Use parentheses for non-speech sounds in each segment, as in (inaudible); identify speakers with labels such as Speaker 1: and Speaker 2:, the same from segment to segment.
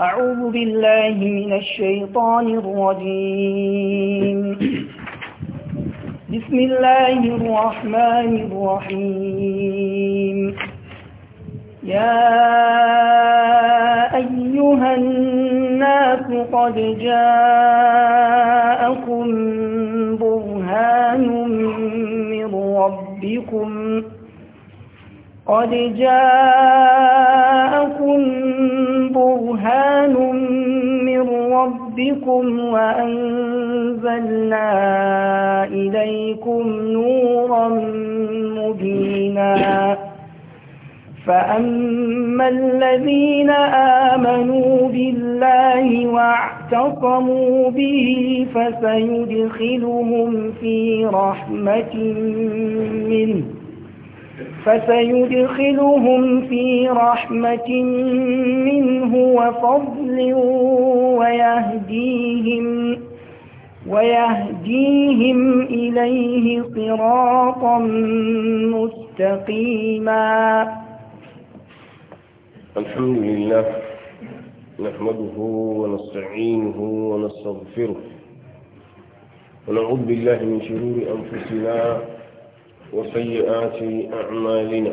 Speaker 1: أعوذ بالله من الشيطان الرجيم بسم الله الرحمن الرحيم يا أيها الناس قد جاءكم برهان من ربكم قد جاءكم برهان من ربكم وأنزلنا إليكم نورا مبينا فأما الذين آمنوا بالله واعتصموا به فسيدخلهم في رحمة منه فسيدخلهم في رحمة منه وفضل ويهديهم ويهديهم إليه صراطا مستقيما
Speaker 2: الحمد لله نحمده ونستعينه ونستغفره ونعوذ بالله من شرور أنفسنا وسيئات أعمالنا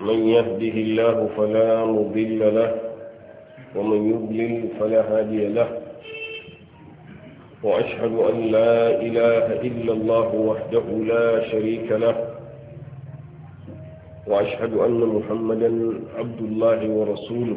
Speaker 2: من يهده الله فلا مضل له ومن يضلل فلا هادي له وأشهد أن لا إله إلا الله وحده لا شريك له وأشهد أن محمدا عبد الله ورسوله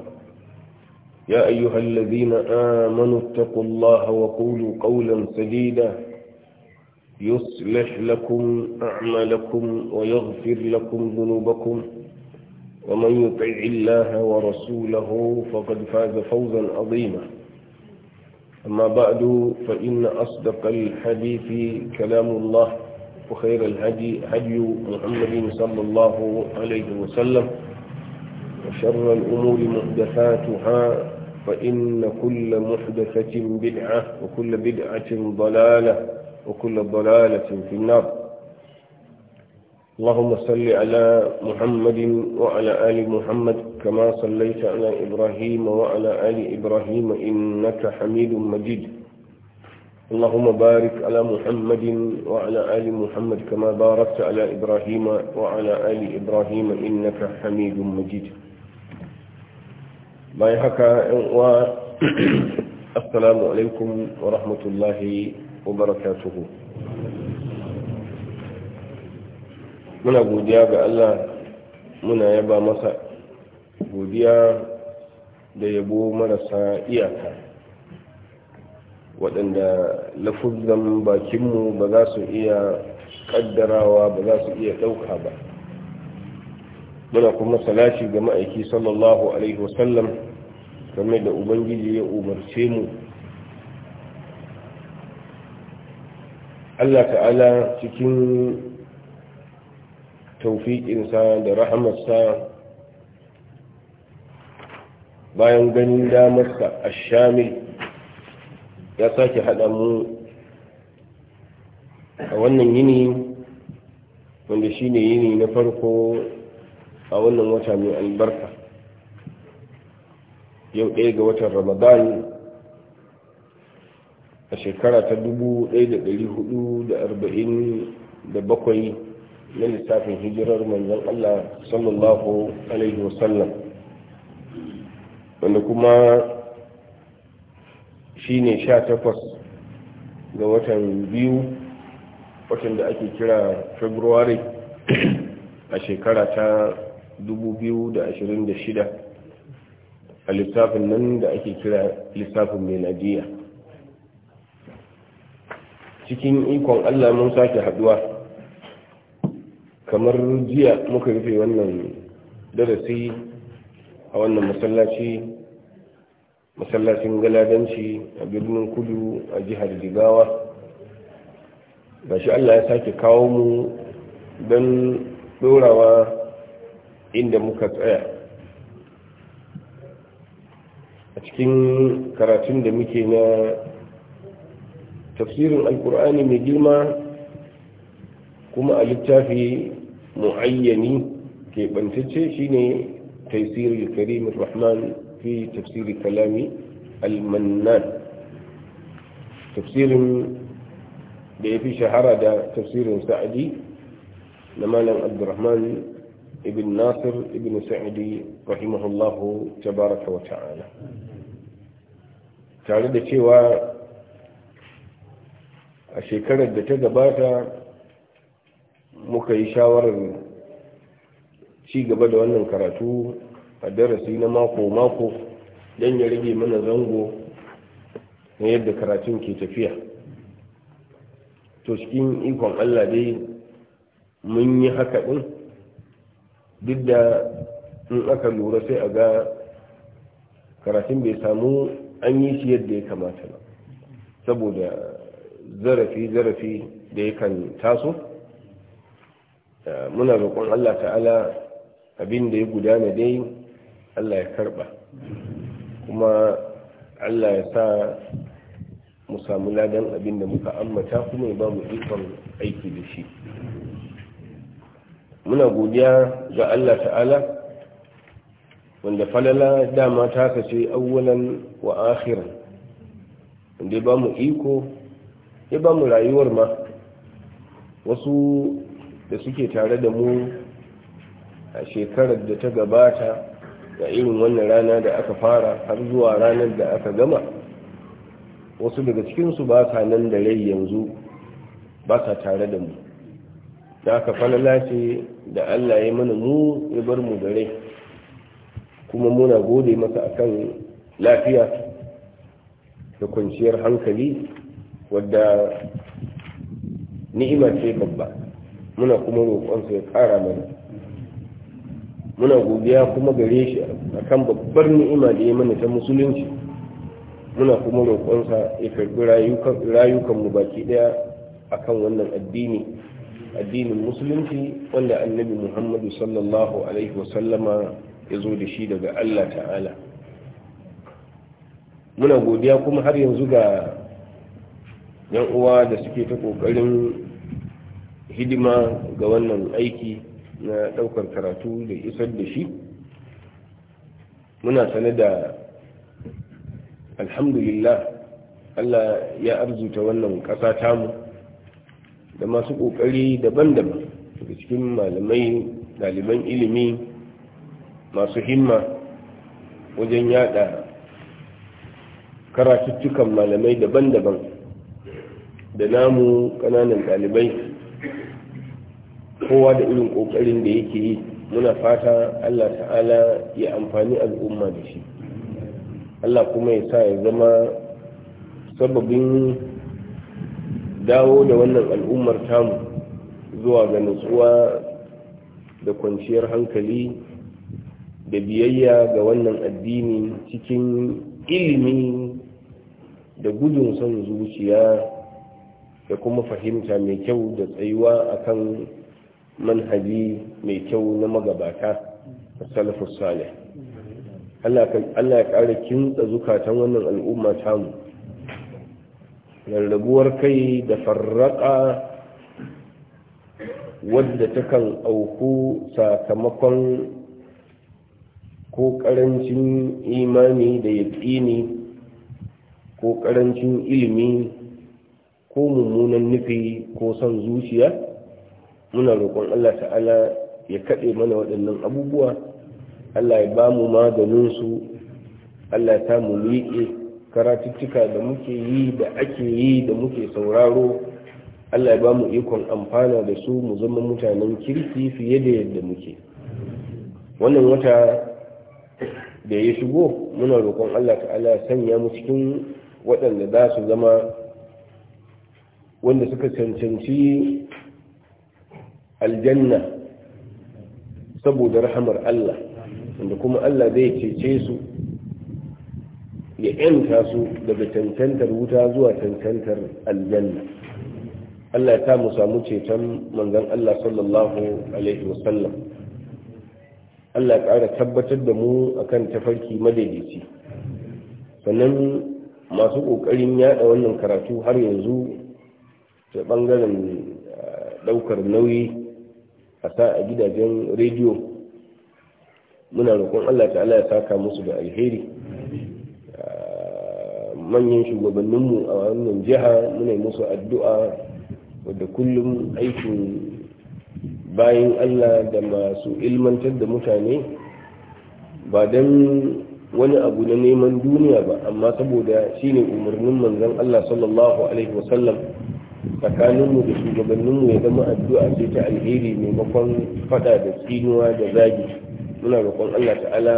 Speaker 2: يا أيها الذين آمنوا اتقوا الله وقولوا قولا سديدا يصلح لكم أعمالكم ويغفر لكم ذنوبكم ومن يطع الله ورسوله فقد فاز فوزا عظيما أما بعد فإن أصدق الحديث كلام الله وخير الهدي هدي محمد صلى الله عليه وسلم وشر الأمور محدثاتها فإن كل محدثة بدعة وكل بدعة ضلالة وكل ضلالة في النار اللهم صل على محمد وعلى آل محمد كما صليت على إبراهيم وعلى آل إبراهيم إنك حميد مجيد اللهم بارك على محمد وعلى آل محمد كما باركت على إبراهيم وعلى آل إبراهيم إنك حميد مجيد bayan haka yan uwa (clears throat) assalamu alaikum wa rahmatullahi wa barakatuhu muna godiya ga Allah muna yaba masa godiya da yabo marasa iyaka waɗanda lafuzan bakinmu ba za su iya ƙaddarawa ba za su iya ɗauka ba muna kuma salashi ga ma'aiki sallallahu alaihi wasallam game da ubangiji ya umarce mu Allah ta'ala cikin taufiƙinsa da rahamarsa bayan ganin damarsa a shamil ya sake haɗa mu a wannan yini wanda shine yini na farko a wannan wata mai albarka yau ɗaya ga watan ramadan a shekara ta dubu da da da hudu arba'in bakwai na lissafin hijirar manzan Allah sallallahu alaihi wasallam wanda kuma shi ne takwas ga watan biyu watan da ake kira february a shekara ta 2026 a littafin nan da ake kira littafin najiya cikin ikon allah mun sake haduwa kamar jiya muka rufe wannan darasi a wannan masallaci masallacin galadanci a birnin kudu a jihar jigawa shi allah ya sake kawo mu don dorawa inda muka tsaya a cikin karatun da muke na tafsirin alkur'ani mai girma kuma a littafi mu'ayyani keɓantacce ne taisiri karimin rahman fi tafsiri kalami almannan tafsirin da ya fi shahara da tafsirin sa'adi na malam abdurrahman Ibin nasir ibn sa'idi rahimahullahu tabaraka wa ta'ala tare da cewa a shekarar da ta gabata muka yi shawarar ci gaba da wannan karatu a darasi na mako-mako don ya rage mana zango na yadda karatun ke tafiya to cikin ikon allah dai mun yi haka ɗin duk da in aka lura sai a ga karatun bai samu an yi shi yadda ya kamata ba saboda zarafi-zarafi da ya kan taso eh, muna roƙon allah ta'ala abin da ya gudana dai allah ya karba kuma allah ya sa mu samu ladan abin da muka ammata kuma ya ba mu ikon aiki da shi muna godiya ga Allah ta'ala wanda falala dama ta kace awwalan wa akhiran wanda ya mu iko ya mu rayuwar ma wasu da suke tare da mu a shekarar da ta gabata da irin wannan rana da aka fara har zuwa ranar da aka gama wasu daga cikinsu ba sa nan da rai yanzu ba sa tare da mu da aka falala ce da Allah ya mana mu ya bar mu da rai kuma muna gode masa akan lafiya da kwanciyar hankali wadda ni'ima ce babba muna kuma roƙonsa ya ƙara mana muna godiya kuma gare shi akan babbar ni'ima da ya mana ta musulunci muna kuma roƙonsa ya karɓi rayukanmu baki ɗaya akan wannan addini addinin musulunci wanda annabi muhammadu sallallahu alaihi wasallama ya zo da shi daga allah ta'ala muna godiya kuma har yanzu ga yan uwa da suke ta kokarin hidima ga wannan aiki na daukar karatu da isar da shi muna sane da alhamdulillah allah ya arzuta wannan kasa tamu da masu ƙoƙari daban-daban daga cikin malamai daliban ilimi masu himma wajen yada karatuttukan malamai daban-daban da namu ƙananan dalibai, kowa da irin ƙoƙarin da yake yi muna fata allah ta'ala ya amfani al'umma da shi allah kuma ya sa ya zama sababin dawo da wannan al'ummar tamu zuwa ga nutsuwa da kwanciyar hankali da biyayya ga wannan addini cikin ilimi da gudun son zuciya da kuma fahimta mai kyau da tsayuwa a kan manhaji mai kyau na magabata a salafus salih Allah ya ƙara kintsa zukatan wannan al'umma tamu rarrabuwar kai da farraƙa wadda takan auku sakamakon ko karancin imani da yaƙini ko karancin ilimi ko mummunan nufi ko son zuciya muna roƙon allah ta'ala ya kaɗe mana waɗannan abubuwa allah ya ba mu su allah ta mu liƙe karatuttuka da muke yi da ake yi da muke sauraro Allah ya ba mu ikon amfana da su mu zama mutanen kirki fiye da yadda muke wannan wata da ya shigo muna roƙon Allah ta'ala sanya mu cikin waɗanda za su zama wanda suka cancanci aljanna saboda rahamar Allah wanda kuma Allah zai cece su ya yanta su daga tantantar wuta zuwa tantantar aljanna Allah ya mu samu ceton manzon Allah sallallahu alaihi wasallam Allah ya ƙara tabbatar da mu akan tafarki madaidaici sannan masu ƙoƙarin yada wannan karatu har yanzu ta ɓangaren eh, ɗaukar nauyi a sa a gidajen rediyo muna roƙon Allah ta'ala ya saka musu da alheri manyan shugabanninmu a wannan jiha muna musu addu'a wadda kullum aikin bayan allah da masu ilmantar da mutane ba don wani abu na neman duniya ba amma saboda shine umarnin manzan allah sallallahu alaihi wasallam tsakaninmu da shugabanninmu ya zama addu'a ce ta alheri maimakon fada da tsinuwa da zagi muna roƙon allah ta'ala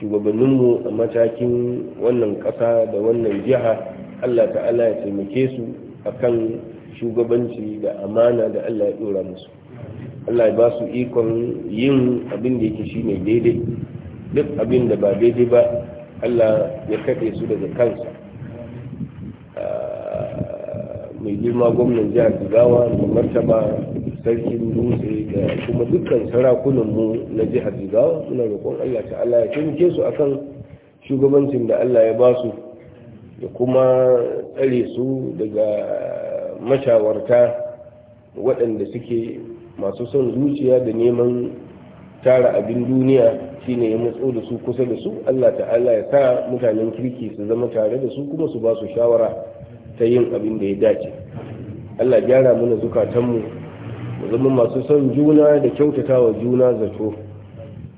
Speaker 2: shugabanninmu a matakin wannan ƙasa da wannan jiha allah ta'ala ya taimake su a kan shugabanci da amana da allah ya ɗora musu allah ya ba su ikon yin abin da yake shine daidai duk abin da ba daidai ba allah ya kaɗe su daga kansa ah, mai girma gwamnan jihar jigawa da martaba sarkin dutse da kuma dukkan sarakunan mu na jihar jigawa suna roƙon allah ta'ala ya taimake su akan shugabancin da allah ya ba su da kuma tsare su daga mashawarta waɗanda suke masu son zuciya da neman tara abin duniya shine ya matso da su kusa da su allah ta'ala ya sa mutanen kirki su zama tare da su kuma su ba su shawara ta yin abin da ya dace allah gyara mana zukatanmu mu zama masu son juna da kyautata wa juna zato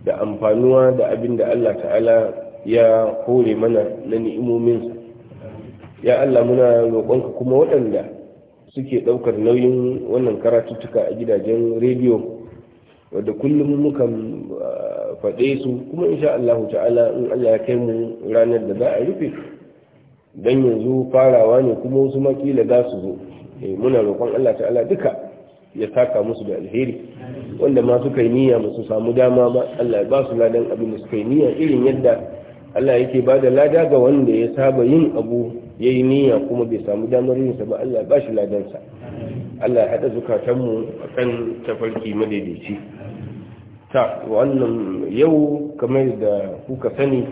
Speaker 2: da amfanuwa da abin da Allah ta'ala ya kore mana na ni'imominsa ya Allah muna roƙonka kuma waɗanda suke ɗaukar nauyin wannan karatuttuka a gidajen rediyo wadda kullum muka ah, faɗe su kuma insha Allah ta'ala in Allah ya kai mu ranar da za a rufe don yanzu farawa ne kuma wasu makila za su zo eh, muna roƙon Allah ta'ala duka ya saka musu da alheri wanda ma suka yi niyya musu samu dama ba Allah ba su ladan abin da suka yi niyya irin yadda Allah yake ba da lada ga wanda ya saba yin abu ya yi niyya kuma bai samu damar yinsa ba Allah ya ba shi ladansa Allah ya haɗa zukatanmu a kan tafarki madaidaici ta wannan yau kamar da kuka sani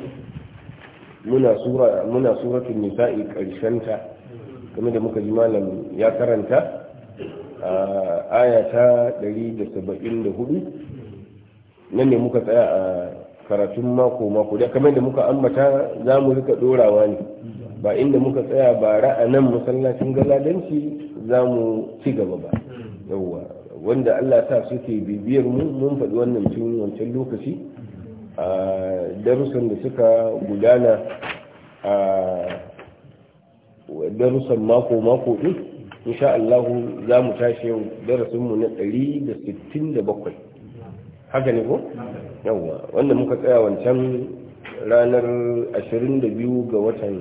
Speaker 2: muna sura muna suratul nisa'i ta kamar da muka ji malam ya karanta aya ta 174 nan ne muka tsaya a karatun mako mako da kamar da muka ambata za mu rika dorawa ne ba inda muka tsaya ba ra'anan masallacin galadanci za mu ci gaba ba yawwa wanda allah ta suke bibiyar mu mun faɗi wannan cikin wancan lokaci a darussan da suka gudana a darussan mako mako ɗin sha Allah za mu tashi yau darasin mu na 167 haka ne ko yawa wanda muka tsaya wancan ranar 22 ga watan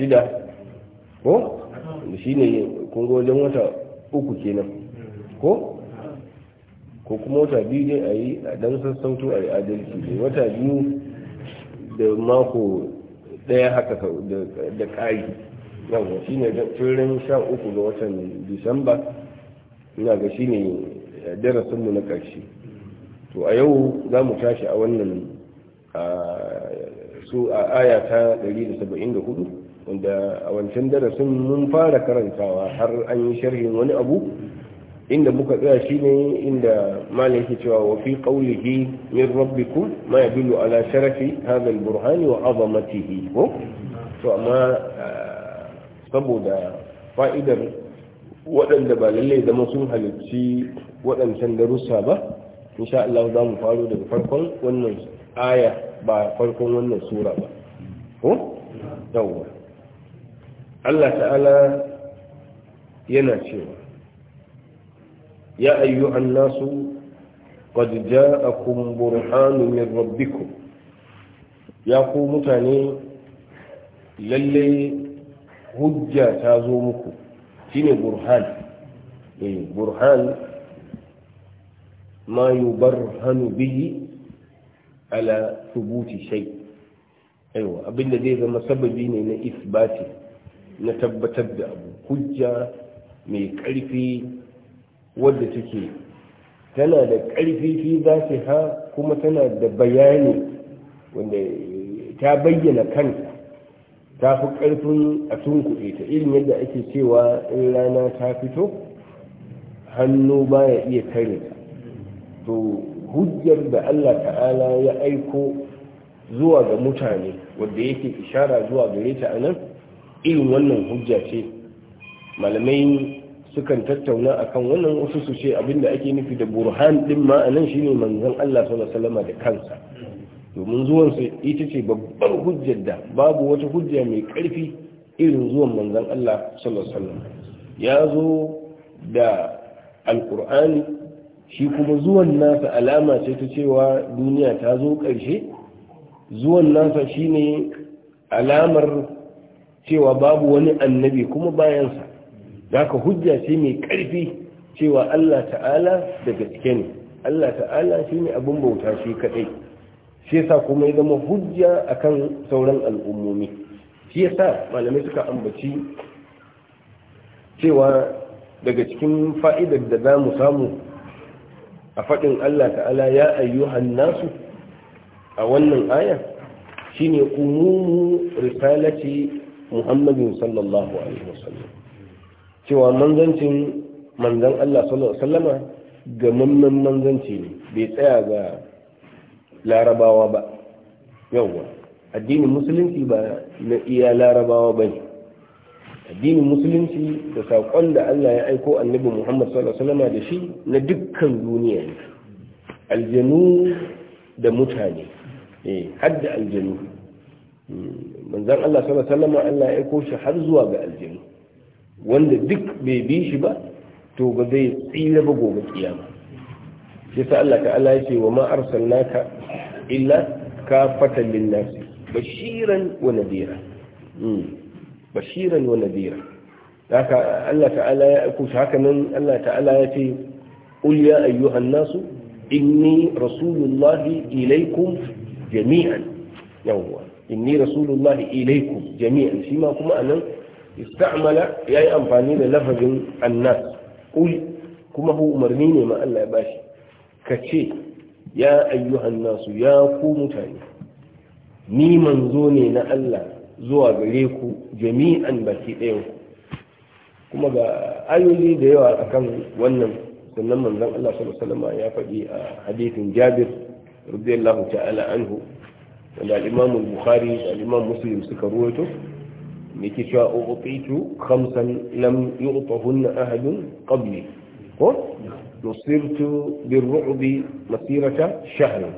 Speaker 2: shida ko shi ne kungo wajen wata uku kenan ko ko kuma wata biyu dai a yi a dan sassauto a yi adalci ne wata biyu da mako daya haka da ƙari yawon shi ne turin sha uku ga watan disamba ina ga shi ne eh, darasinmu na ƙarshe to a yau za mu tashi a wannan su a aya ta 174 wanda a wancan darasin mun fara karantawa har an yi sharhin wani abu inda muka tsaya shi ne inda malin yake cewa wa fi qawlihi min rabbikum ma yadullu ala sharafi hadha burhani wa azamatihi ko to amma eh, saboda fa'idar waɗanda ba lallai zama sun halarci waɗancan darussa ba insha Allah za mu faru daga farkon wannan aya ba farkon wannan sura ba ko yawwa Allah ta'ala yana cewa ya ayyuhan nasu qad a burhanun min rabbikum ya ku mutane lallai. hujja ta zo muku shine burhan eh burhan ma yubarhanu bihi ala thubuti shay aiwa abinda zai zama sababi ne na isbati na tabbatar da abu hujja mai karfi wadda take tana da karfi fi ha kuma tana da bayani wanda ta bayyana kanta ta fi ƙarfin a tunkuɗe ta irin yadda ake cewa in rana ta fito hannu baya iya kare ta to hujjar da Allah ta'ala ya aiko zuwa ga mutane wadda yake ishara zuwa gare ta anan irin wannan hujja ce malamai sukan tattauna akan wannan wasu su ce abinda ake nufi da burhan din ma anan shine manzon Allah sallallahu alaihi da kansa domin zuwansa ita ce babbar hujjar da babu wata hujja mai ƙarfi irin zuwan manzan Allah sallallahu alaihi ya zo da alkur'ani shi kuma zuwan nasa alama ce ta cewa duniya ta zo ƙarshe zuwan nasa shine alamar cewa babu wani annabi kuma bayansa haka hujja ce mai ƙarfi cewa Allah ta'ala da gaske ne Allah ta'ala shine abin bauta shi kadai. shi yasa kuma ya zama hujja akan sauran al'ummomi shi yasa malamai suka ambaci cewa daga cikin fa'idar da za mu samu a faɗin Allah ta'ala ya ayyuhan nasu a wannan aya shine umumu risalati muhammadin sallallahu alaihi wasallam cewa manzancin manzan Allah sallallahu alaihi wasallama ga mamman manzanci ne bai tsaya ga larabawa ba yawwa addinin musulunci ba na iya larabawa ba ne addinin musulunci da saƙon da allah ya aiko annabi muhammad sallallahu da shi na dukkan duniya ne aljanu da mutane eh, har da aljanu hmm, manzon allah sallallahu allah ya aiko shi har zuwa ga aljanu wanda duk bai bi shi ba to ba zai tsira ba gobe kiyama shi sa Allah ta'ala yake wa ma arsalnaka illa kafatan linnas bashiran wa nadira hmm. bashiran wa nadira haka Allah ta'ala ya aiko shi haka nan Allah ta'ala ya ce qul ya ayyuhan nasu inni rasulullahi ilaykum jami'an yawwa inni rasulullahi ilaykum jami'an shi ma kuma anan istamala yayi amfani da lafazin annas qul kuma hu umarni ne ma Allah ya bashi ka ce ya ayyuhan nasu ya ku mutane ni manzo ne na Allah zuwa gare ku jami'an baki ɗayan ku kuma ga ayoyi da yawa akan wannan sannan manzon Allah sallallahu alaihi ya faɗi a hadithin Jabir radiyallahu ta'ala anhu wanda al-Imam al-Bukhari da al-Imam Muslim suka ruwaito yake cewa uqitu khamsan lam yu'tahunna ahadun qabli ko نصرت بالرعب مسيرة شهر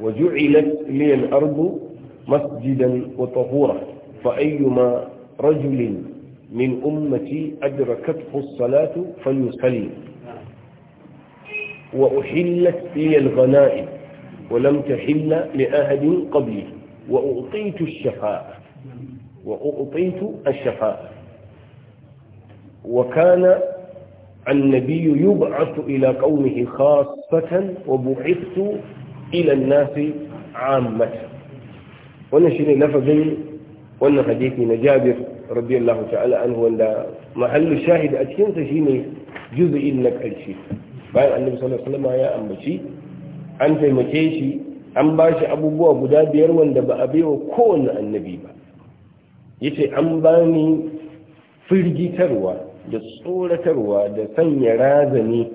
Speaker 2: وجعلت لي الأرض مسجدا وطهورا فأيما رجل من أمتي أدركته الصلاة فليصلي وأحلت لي الغنائم ولم تحل لأحد قبلي وأعطيت الشفاعة وأعطيت الشفاعة وكان النبي يبعث إلى قومه خاصة وبعثت إلى الناس عامة wannan shine lafazin wannan hadisi na Jabir radiyallahu ta'ala anhu wanda mahallu shahid a cikin sa shine juz'in na karshe bayan annabi sallallahu alaihi ya ambaci an taimake shi an bashi abubuwa guda biyar wanda ba a baiwa kowanne annabi ba yace an bani firgitarwa da tsoratarwa da sanya razani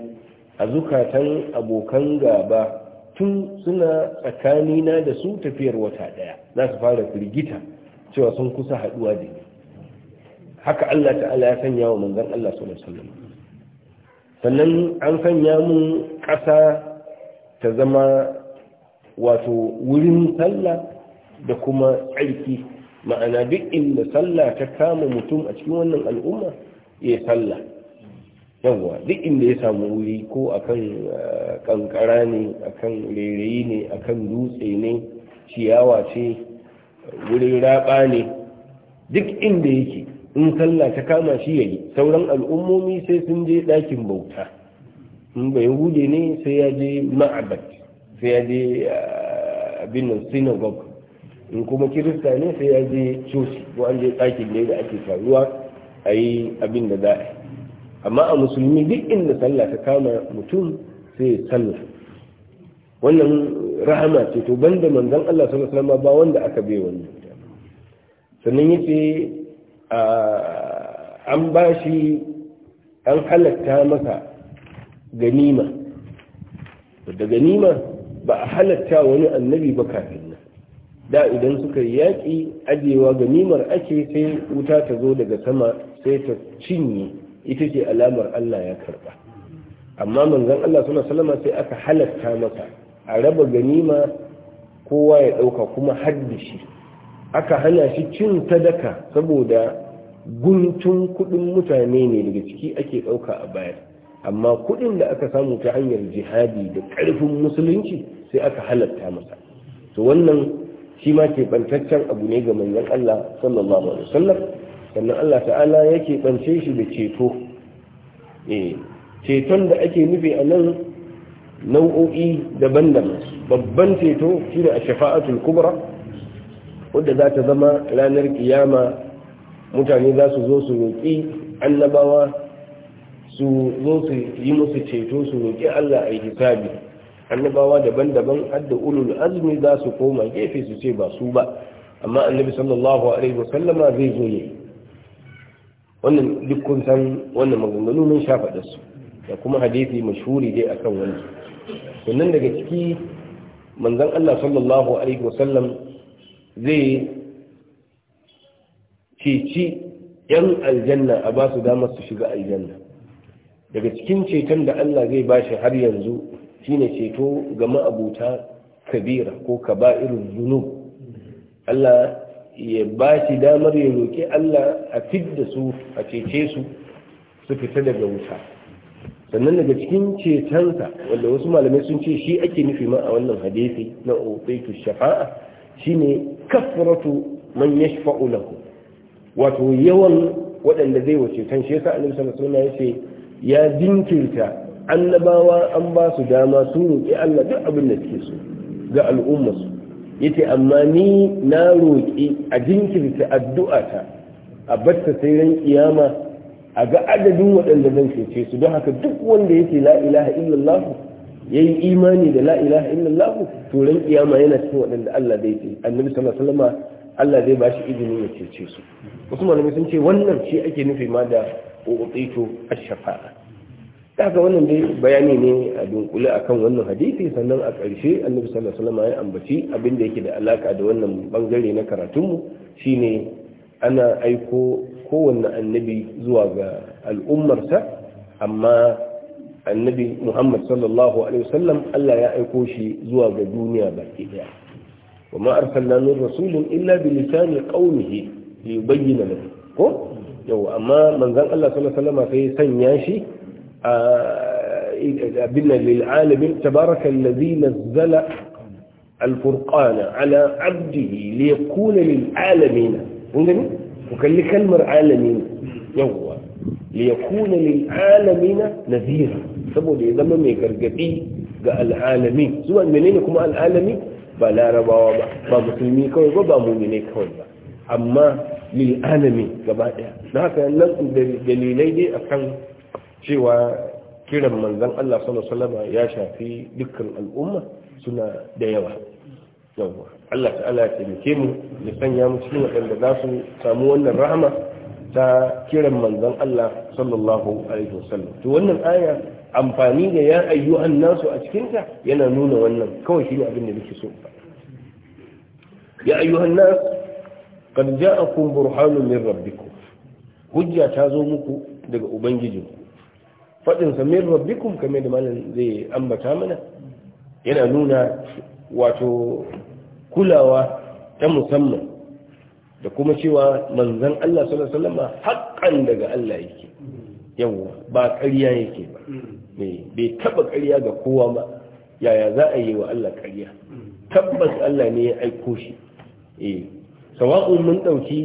Speaker 2: a zukatan abokan gaba tun suna tsakanina da su tafiyar wata daya za su fara firgita cewa sun kusa haduwa da ni haka Allah ta'ala ya sanya wa manzon Allah sallallahu alaihi wasallam sannan an sanya mun kasa ta zama wato wurin sallah da kuma tsarki ma'ana duk inda sallah ta kama mutum a cikin wannan al'umma iya sallah yawwa duk inda ya samu wuri ko akan eh, kankara ne akan rairayi ne akan dutse ne ciyawa ce wurin raba ne duk inda yake in sallah ta kama shi yayi sauran al'ummomi sai sun je ɗakin bauta in bai hude ne sai ya je ma'abat sai ya je eh, abin nan synagogue in kuma kirista ne sai ya je coci ko an je ɗakin ne da ake faruwa a yi abin da za a yi amma a musulmi duk inda sallah ta kama mutum sai ya sallah wannan rahama ce to banda manzon Allah sallallahu alaihi wasallam ba wanda aka bai wannan sannan yace an bashi an halatta masa ganima da ganima ba a halatta wani annabi ba kafin nan da idan suka yi yaƙi ajewa ganimar ake sai wuta ta zo daga sama sai ta cinye ita ce alamar Allah ya karba amma manzon Allah suna salama sai aka halatta masa a raba ganima kowa ya ɗauka kuma shi aka hana shi cin ta daka saboda guntun kuɗin mutane ne daga ciki ake ɗauka a bayar amma kuɗin da aka samu ta hanyar jihadi da ƙarfin musulunci sai aka halatta masa to wannan shi ma ke bantaccen abu ne ga manyan Allah sallallahu alaihi wasallam sannan Allah ta'ala yake bance shi da ceto eh, ceton da ake nufi a nan nau'o'i daban-daban babban ceto shine a shafa'atul kubra wadda za ta zama ranar kiyama mutane za su zo su roƙi annabawa su zo su yi musu ceto su roƙi Allah a hisabi annabawa daban-daban hadda ulul azmi za su koma gefe su ce ba su ba amma annabi sallallahu alaihi wasallama zai zo ne wannan duk kun san wannan maganganu mun sha faɗa su da kuma hadisi mashhuri dai akan wani. sannan daga ciki manzon Allah sallallahu alaihi wasallam zai ceci yan aljanna a ba su damar su shiga aljanna daga cikin ceton da Allah zai ba shi har yanzu shine ceto ga ma'abuta kabira ko kaba'irin zunub Allah ya ba shi damar ya roƙi Allah a fidda su a cece su su fita daga wuta sannan daga cikin cetonsa wanda wasu malamai sun ce shi ake nufi ma a wannan hadisi na ofaitu shafa'a shine kafratu man yashfa'u lahu wato yawan waɗanda zai wace kan shi yasa annabi sallallahu alaihi wasallam ya jinkirta annabawa an ba su dama su roƙi Allah duk abin da suke so ga al'ummarsu yace amma ni na roƙi a jinkirta addu'ata a batta sai ran kiyama a ga adadin waɗanda zan cece su don haka duk wanda yake la ilaha illallah ya yi imani da la ilaha illallah to ran kiyama yana cikin waɗanda Allah zai ce annabi sallallahu alaihi wasallam Allah zai ba shi izinin ya cece su wasu malamai sun ce wannan shi ake nufi ma da uqtitu ash-shafa'a daga wannan dai bayani ne a dunkule akan wannan hadisi sannan a ƙarshe annabi sallallahu alaihi wasallam ya ambaci abin da yake da alaka da wannan bangare na karatunmu shine أنا أيكو كون النبي زواج الأمة سا أما النبي محمد صلى الله عليه وسلم ألا أيكوشي زواج الدنيا بعد وما أرسلنا من رسول إلا بلسان قومه ليبين له كو أما من ذن الله صلى الله عليه وسلم في سنياشي بنا آه، للعالم تبارك الذي نزل الفرقان على عبده ليكون للعالمين kun ku kalli kalmar alamin yawwa li yakuna lil alamin nadhira saboda ya zama mai gargadi ga al'alamin zuwa menene kuma al'alami ba larabawa ba ba musulmi kawai ba ba mumine kawai ba amma lil alamin gaba daya na haka nan dalilai dai akan cewa kiran manzon Allah sallallahu alaihi wasallam ya shafi dukkan al'umma suna da yawa yawwa Allah ta'ala ya taimake mu ya sanya mu cikin waɗanda za su samu wannan rahama ta kiran manzon Allah sallallahu alaihi wasallam to wannan aya amfani da ya a nasu a cikinta yana nuna wannan kawai shi ne abin da muke so ya kan nas qad ja'akum burhanun min rabbikum hujja ta zo muku daga ubangijinku fadin sa min rabbikum kamar da malam zai ambata mana yana nuna wato kulawa ta musamman da kuma cewa manzan Allah sallallahu alaihi wasallam haƙƙan daga Allah yake yawa ba ƙarya yake ba bai taɓa ƙarya ga kowa ba yaya za a yi wa Allah ƙarya tabbas Allah ne ya aiko shi eh sawa'un mun ɗauki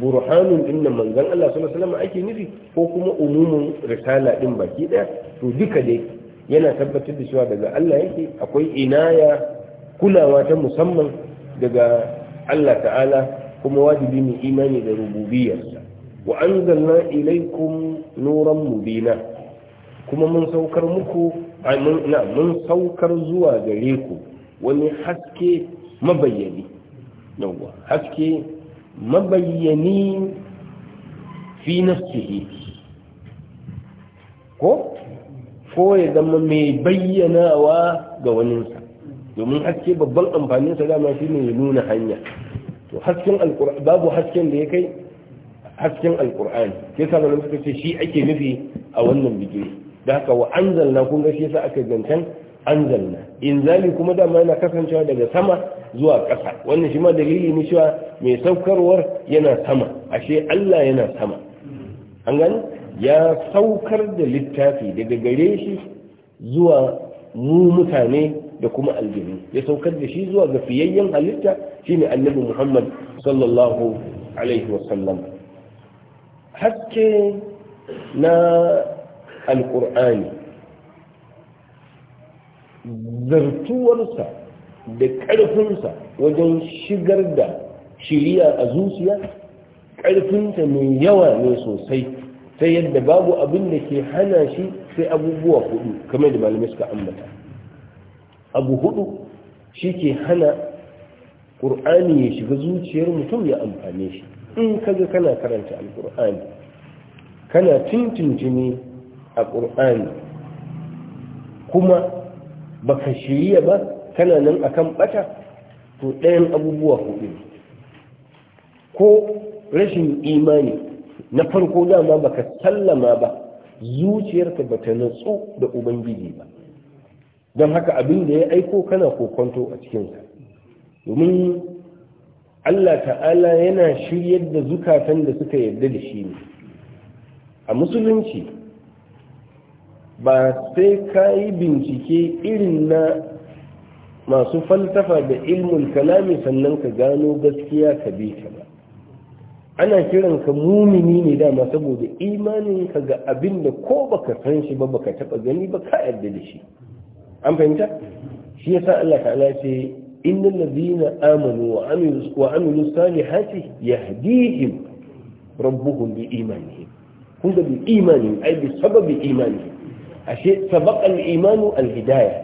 Speaker 2: burhanun din nan manzan Allah sallallahu alaihi wasallam ake nufi ko kuma umumin risala din baki ɗaya to duka dai yana tabbatar da cewa daga Allah yake akwai inaya kulawa ta musamman daga Allah ta'ala kuma wajibi mai imani da rububiyarsa wa anzalna ilaikum nuran mubina kuma mun saukar muku na mun saukar zuwa gare ku wani haske mabayyani yawwa haske mabayyani fi nafsihi ko ko ya zama mai bayyanawa ga waninsa domin haske babban amfanin sa dama shi ya nuna hanya to hasken alqur'ani babu hasken da ya kai hasken alqur'ani sai da suka ce shi ake nufi a wannan bikin. da haka wa anzalna kun ga shi yasa aka gantan anzalna inzali kuma dama yana kasancewa daga sama zuwa ƙasa wannan shi ma dalili ne cewa mai saukarwar yana sama ashe Allah yana sama an gani ya saukar da littafi daga gare shi zuwa mu mutane da kuma aljanu ya saukar da shi zuwa ga fiyayyen halitta shine annabi Muhammad sallallahu alaihi wasallam haske na alkur'ani zartuwarsa da ƙarfinsa wajen shigar da shiriya a zuciya ƙarfinta mai yawa ne sosai ta yadda babu abin da ke hana shi sai abubuwa hudu kamar da malamai suka ambata abu hudu shi ke hana ƙur'ani ya shiga zuciyar mutum ya amfane shi in kaga kana karanta alƙur'ani kana tuntuntuni a ƙur'ani kuma baka shirya ba kana nan akan ɓata? to ɗayan abubuwa hudu ko rashin imani na farko dama baka sallama ba zuciyarka bata natsu da ubangiji ba don haka abin da ya aiko kana kokonto a cikinsa domin Allah ta'ala yana shiryar da zukatan da suka yarda da shi ne a musulunci ba sai ka yi bincike irin na masu falsafa da ilmul kalami sannan ka gano gaskiya ka bi ta ba ana kiran ka mumini ne dama saboda imanin ka ga abin da ko baka san shi ba baka taba gani ba ka yarda da shi an fahimta shi yasa Allah ta'ala ce innal ladina amanu wa amilu wa amilu salihati yahdihim rabbuhum bi imanihim kun ga bi imanihim ai bi sababi imanihim ashe sabaqa al imanu al hidayah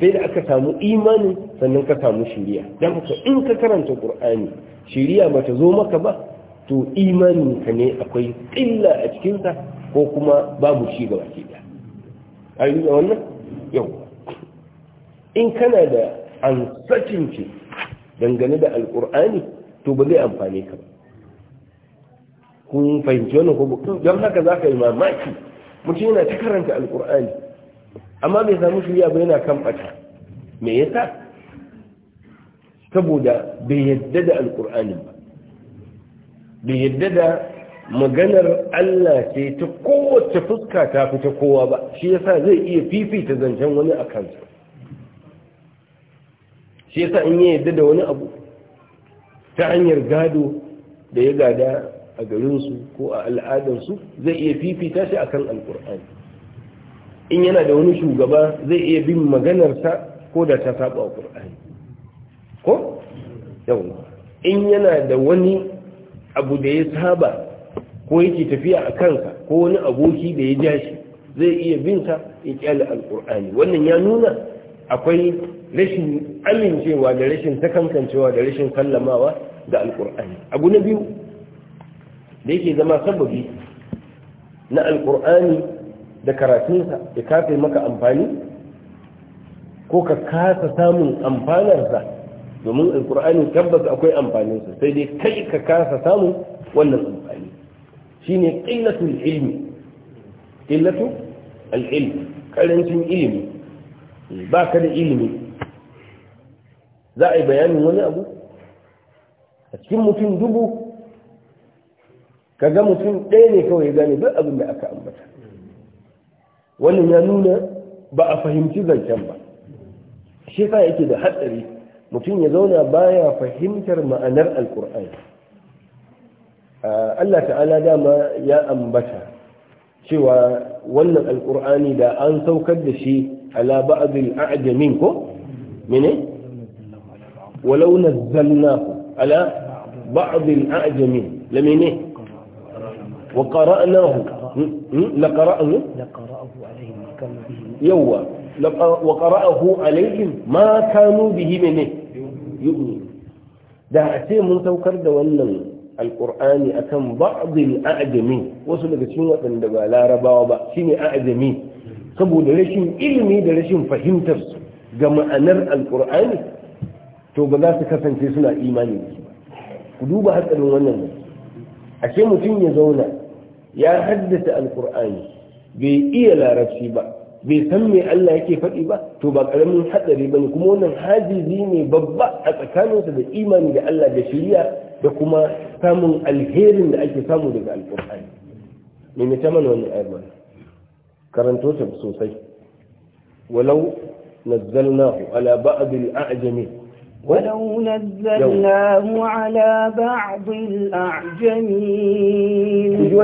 Speaker 2: sai da aka samu imanin sannan ka samu shiriya dan haka in ka karanta qur'ani shiriya bata zo maka ba to imanin ka ne akwai illa a cikin ko kuma babu shi ga wake da ai wannan yau in kana da ansacinci dangane da alkur'ani to ba zai amfane ka kun fahimci wannan ko don haka za ka yi mamaki mutum yana ta karanta alkur'ani amma bai samu shirya ba yana kan bata me yasa saboda bai yadda da alkur'ani ba bai yadda da maganar Allah ce ta kowace fuska ta fi ta kowa ba shi yasa zai iya fifita zancen wani a shi yasa in yi yadda da wani abu ta hanyar gado da ya gada a garinsu ko a al'adarsu zai iya fifita shi akan alkur'ani in yana da wani shugaba zai iya bin maganarsa ko da ta saba wa ko? yawon in yana da wani abu da ya saba ko yake tafiya a kansa ko wani aboki da ya ja shi zai iya binsa ya kyale alƙur'ani wannan ya nuna akwai rashin amincewa da rashin takankancewa da rashin sallamawa da alkur'ani abu na biyu da yake zama sababi na alkur'ani da karatunsa ya kafe maka amfani ko ka kasa samun amfanarsa domin alkur'ani tabbas akwai amfaninsa sai dai kai ka kasa samun wannan amfani shine ƙillatun ilmi ƙillatun al'ilmi ƙarancin ilmi ilimi ba ka da ilimi za a yi bayanin wani abu a cikin mutum dubu ka ga mutum ɗaya ne kawai ya gane duk abin da aka ambata wannan ya nuna ba a fahimci zancen ba shi sa yake da hatsari mutum ya zauna baya fahimtar ma'anar alkur'ani Allah ta'ala dama ya ambata cewa wannan alkur'ani da an saukar da shi ala ba'd al-a'jamin walau nazzalnahu ala ba'd al-a'jamin lamene wa qara'nahu hmm? Hmm? la qara'ahu
Speaker 3: alayhim kanu
Speaker 2: bihi da a ce mun saukar da wannan alkur'ani akan ba'dil a'jami wasu daga cikin waɗanda ba larabawa ba shine a'jami saboda rashin ilimi da rashin fahimtar ga ma'anar alkur'ani to ba za su kasance suna imani ku duba hatsarin wannan ashe mutum ya zauna ya haddasa alkur'ani bai iya larabci ba bai san me Allah yake faɗi ba to ba ƙaramin hatsari ba ne kuma wannan hajizi ne babba a tsakaninsa da imani da Allah da shirya, da kuma samun alherin da ake samu daga alkurani me ta mana wannan karanto ta sosai walau nazzalnahu ala ba'd al-a'jami ولو
Speaker 1: نزلناه على بعض الأعجمين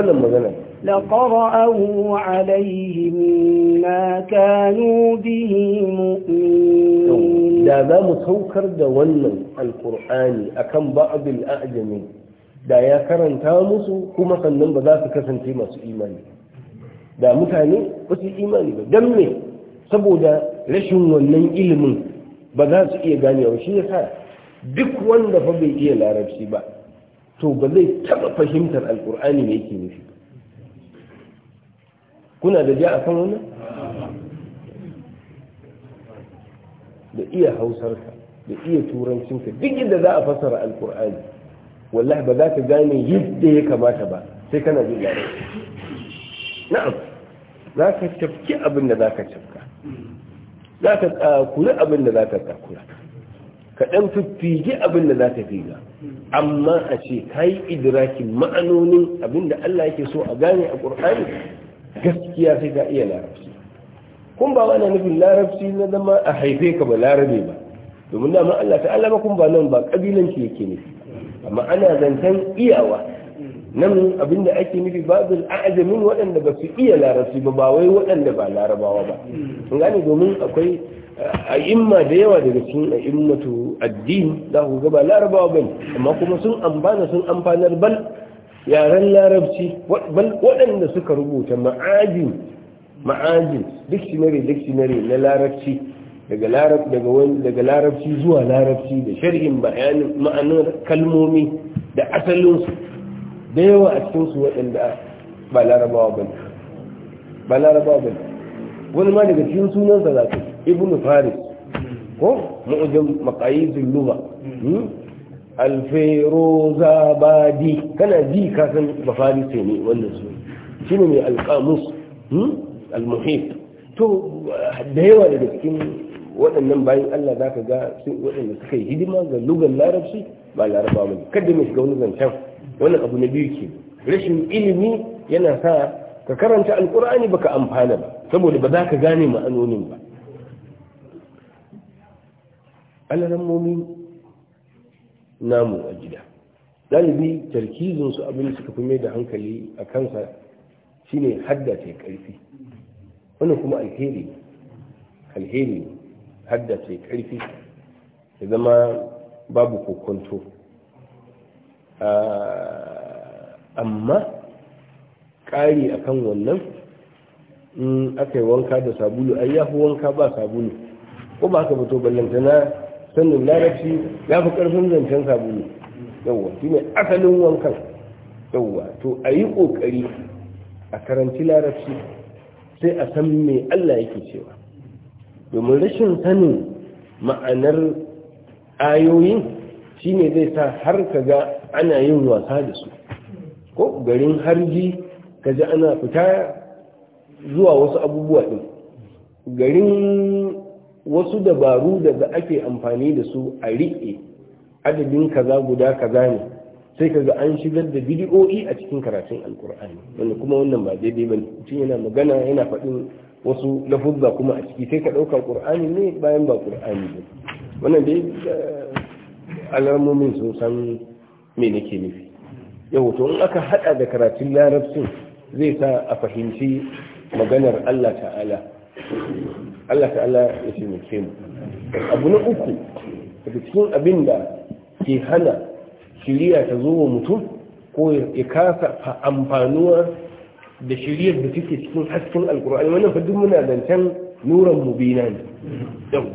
Speaker 1: لقرأه عليهم ما kanu به مؤمنين da za mu
Speaker 2: saukar da wannan alkur'ani akan ba'd al-a'jami da ya karanta musu kuma sannan ba za su kasance masu imani da mutane ba su imani ba don me saboda rashin wannan ilimin ba za su iya ganewa shi yasa duk wanda fa bai iya larabci ba to ba zai taba fahimtar alkur'ani ne yake nufi kuna da ja kan wannan da iya hausarka da iya turancinka duk inda za a fassara alkur'ani wallahi ba za ka gane yadda ya kamata ba sai kana jin larabci na'am za ka tafki abin da za ka tafka za ka tsakuri abin da za ka tsakura ka ɗan fiffige abin da za ka figa amma a ce ka yi idirakin ma'anonin abin da Allah yake so a gane a ƙur'ani gaskiya sai ka iya larabci kun ba wani nufin larabci na zama a haife ka ba larabe ba domin dama Allah ta'ala ba kun ba nan ba ƙabilanci yake ne amma ana zantan iyawa nan abinda ake nufi babu a'jamin waɗanda ba su iya larabci ba ba wai waɗanda ba larabawa ba kun gane domin akwai eh, a'imma da yawa daga cikin immatu addini za ku ba larabawa bane amma kuma sun amfana sun amfanar bal yaren larabci waɗanda suka rubuta ma'ajin ma'ajin dictionary dictionary na larabci daga larab daga wani daga larabci zuwa larabci da shar'in bayanin ma'anar kalmomi da asalin su da yawa a cikin su waɗanda ba larabawa ba ba larabawa ba wani ma daga cikin sunan za ta ibn faris ko mu'jam maqayizul lugha hmm? alfairozabadi kana ji ka san mafarisi ne wannan su shi ne mai alƙamus hmm? almuhit to da yawa daga cikin waɗannan bayan Allah za ka ga waɗanda suka yi hidima ga lugar larabci ba larabawa ba kada mai shiga wani zancen wannan abu na biyu ke rashin ilimi yana sa ka karanta alkur'ani baka amfana ba saboda ba za ka gane ma'anonin ba alarammomi namu a gida ɗalibi tarkizinsu abin suka fi mai da hankali a kansa shine hadda ta ƙarfi wannan kuma alheri alheri hadda ta ƙarfi ya zama babu kokonto Ah, amma ƙari a kan wannan in aka yi wanka da sabulu ai ya fi wanka ba sabulu ko ba ka fito ballanta na sannan larabci ya fi ƙarfin zancen sabulu yawwa shi ne asalin wankan yawwa to a yi ƙoƙari a karanci larabci sai a san me allah yake cewa domin rashin sanin ma'anar ayoyin shine zai sa har ka ga ana yin wasa da su ko garin harji kaji ana fita zuwa wasu abubuwa ɗin garin wasu dabaru da ake amfani da su a riƙe adadin kaza guda kaza ne sai ka ga an shigar da bidiyo'i a cikin karatun alkur'ani wanda kuma wannan ba daidai ba mutum yana magana yana faɗin wasu lafuzza kuma a ciki sai ka ɗauka ƙur'ani ne bayan ba ƙur'ani ba wannan dai eh, alamomin sun san me nake nufi yau to in aka hada da karatun larabcin zai sa a fahimci maganar Allah ta'ala Allah ta'ala ya taimake mu abu na uku da cikin abin da ke hana shirya ta zo wa mutum ko ya kasa amfanuwa da shiryar da take cikin hasken alkur'ani wannan fa duk muna zancen nuran mubina ne yau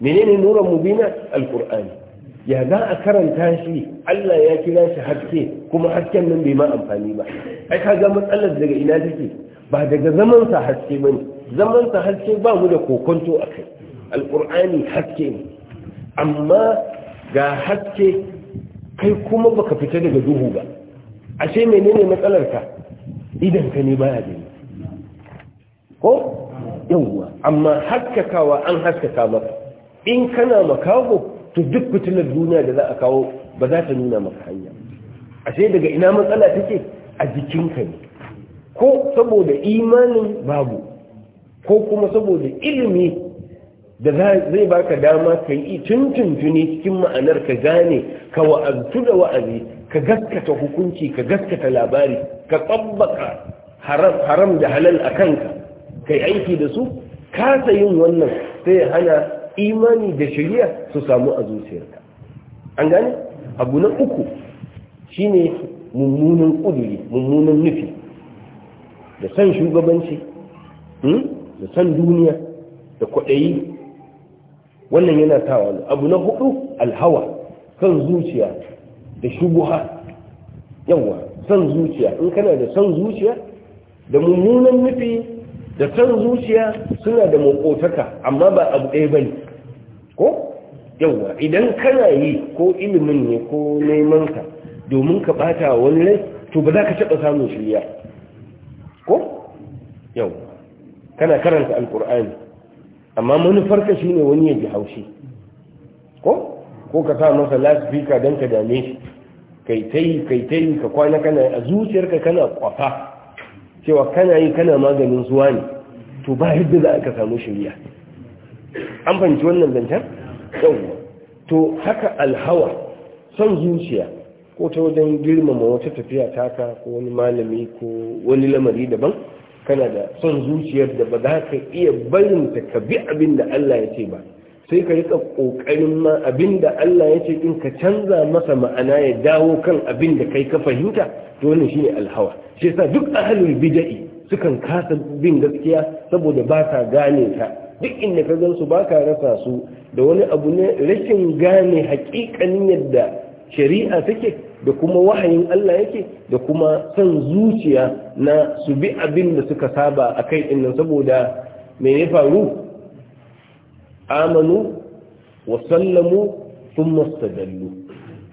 Speaker 2: menene nuran mubina alkur'ani ya za a karanta shi Allah ya kira shi haske kuma hasken nan bai ma amfani ba ai kaga matsalar daga ina take ba daga zaman sa haske bane zaman sa haske ba mu da kokonto akai alqur'ani haske ne amma ga haske kai kuma baka fita daga duhu ba ashe menene matsalar ka idan ka ne baya gani ko yawwa amma haskakawa an haskaka maka in kana makaho to duk fitilar duniya da za a kawo ba za ta nuna maka hanya ashe daga ina matsala take a jikinka ne ko saboda imanin babu ko kuma saboda ilimi da zai baka dama ka yi tuntuntuni cikin ma'anar ka gane ka wa'azu da wa'azi ka gaskata hukunci ka gaskata labari ka tsabbaka haram da halal a kanka ka yi aiki da su kasa yin wannan sai hana imani da shari'a su samu a zuciyarka an gane abu na uku shine mummunan kuduri mummunan nufi da san shugabanci hmm? da san duniya da kwaɗayi wannan yana tawa abu na hudu alhawa san zuciya da shubuha yawa san zuciya in kana da san zuciya da mummunan nufi da san zuciya suna da makotaka amma ba abu ɗaya bane ko yawa idan kana yi ko ilimin ne ko neman ka domin ka bata wani rai to ba za ka taɓa samun shirya ko yawa kana karanta alkur'ani amma manufarka shine wani ya ji haushi ko ko ka sa masa lasifika dan ka dame shi kai ta yi kai ta yi ka kwana kana a zuciyarka kana kwafa cewa kana yi kana maganin zuwa ne to ba yadda za ka samu shirya an fahimci wannan zancen yawwa to haka alhawa son zuciya ko ta wajen girmama wata tafiya taka ko wani malami ko wani lamari daban kana da son zuciyar da ba za ka iya barin ta ka bi abin da Allah ya ce ba sai ka rika kokarin ma abin da Allah ya ce din ka canza masa ma'ana ya dawo kan abin da kai ka fahimta to wannan shine alhawa shi yasa duk ahlul bid'i sukan kasa bin gaskiya saboda ba sa gane ta duk inda ka gansu ba ka rasa su da wani abu ne rashin gane hakikanin yadda shari'a take da kuma wahayin Allah yake da kuma son zuciya na su bi abin da suka saba a kai ɗinnan saboda mai ya faru amanu wa sallamu sun mastadallu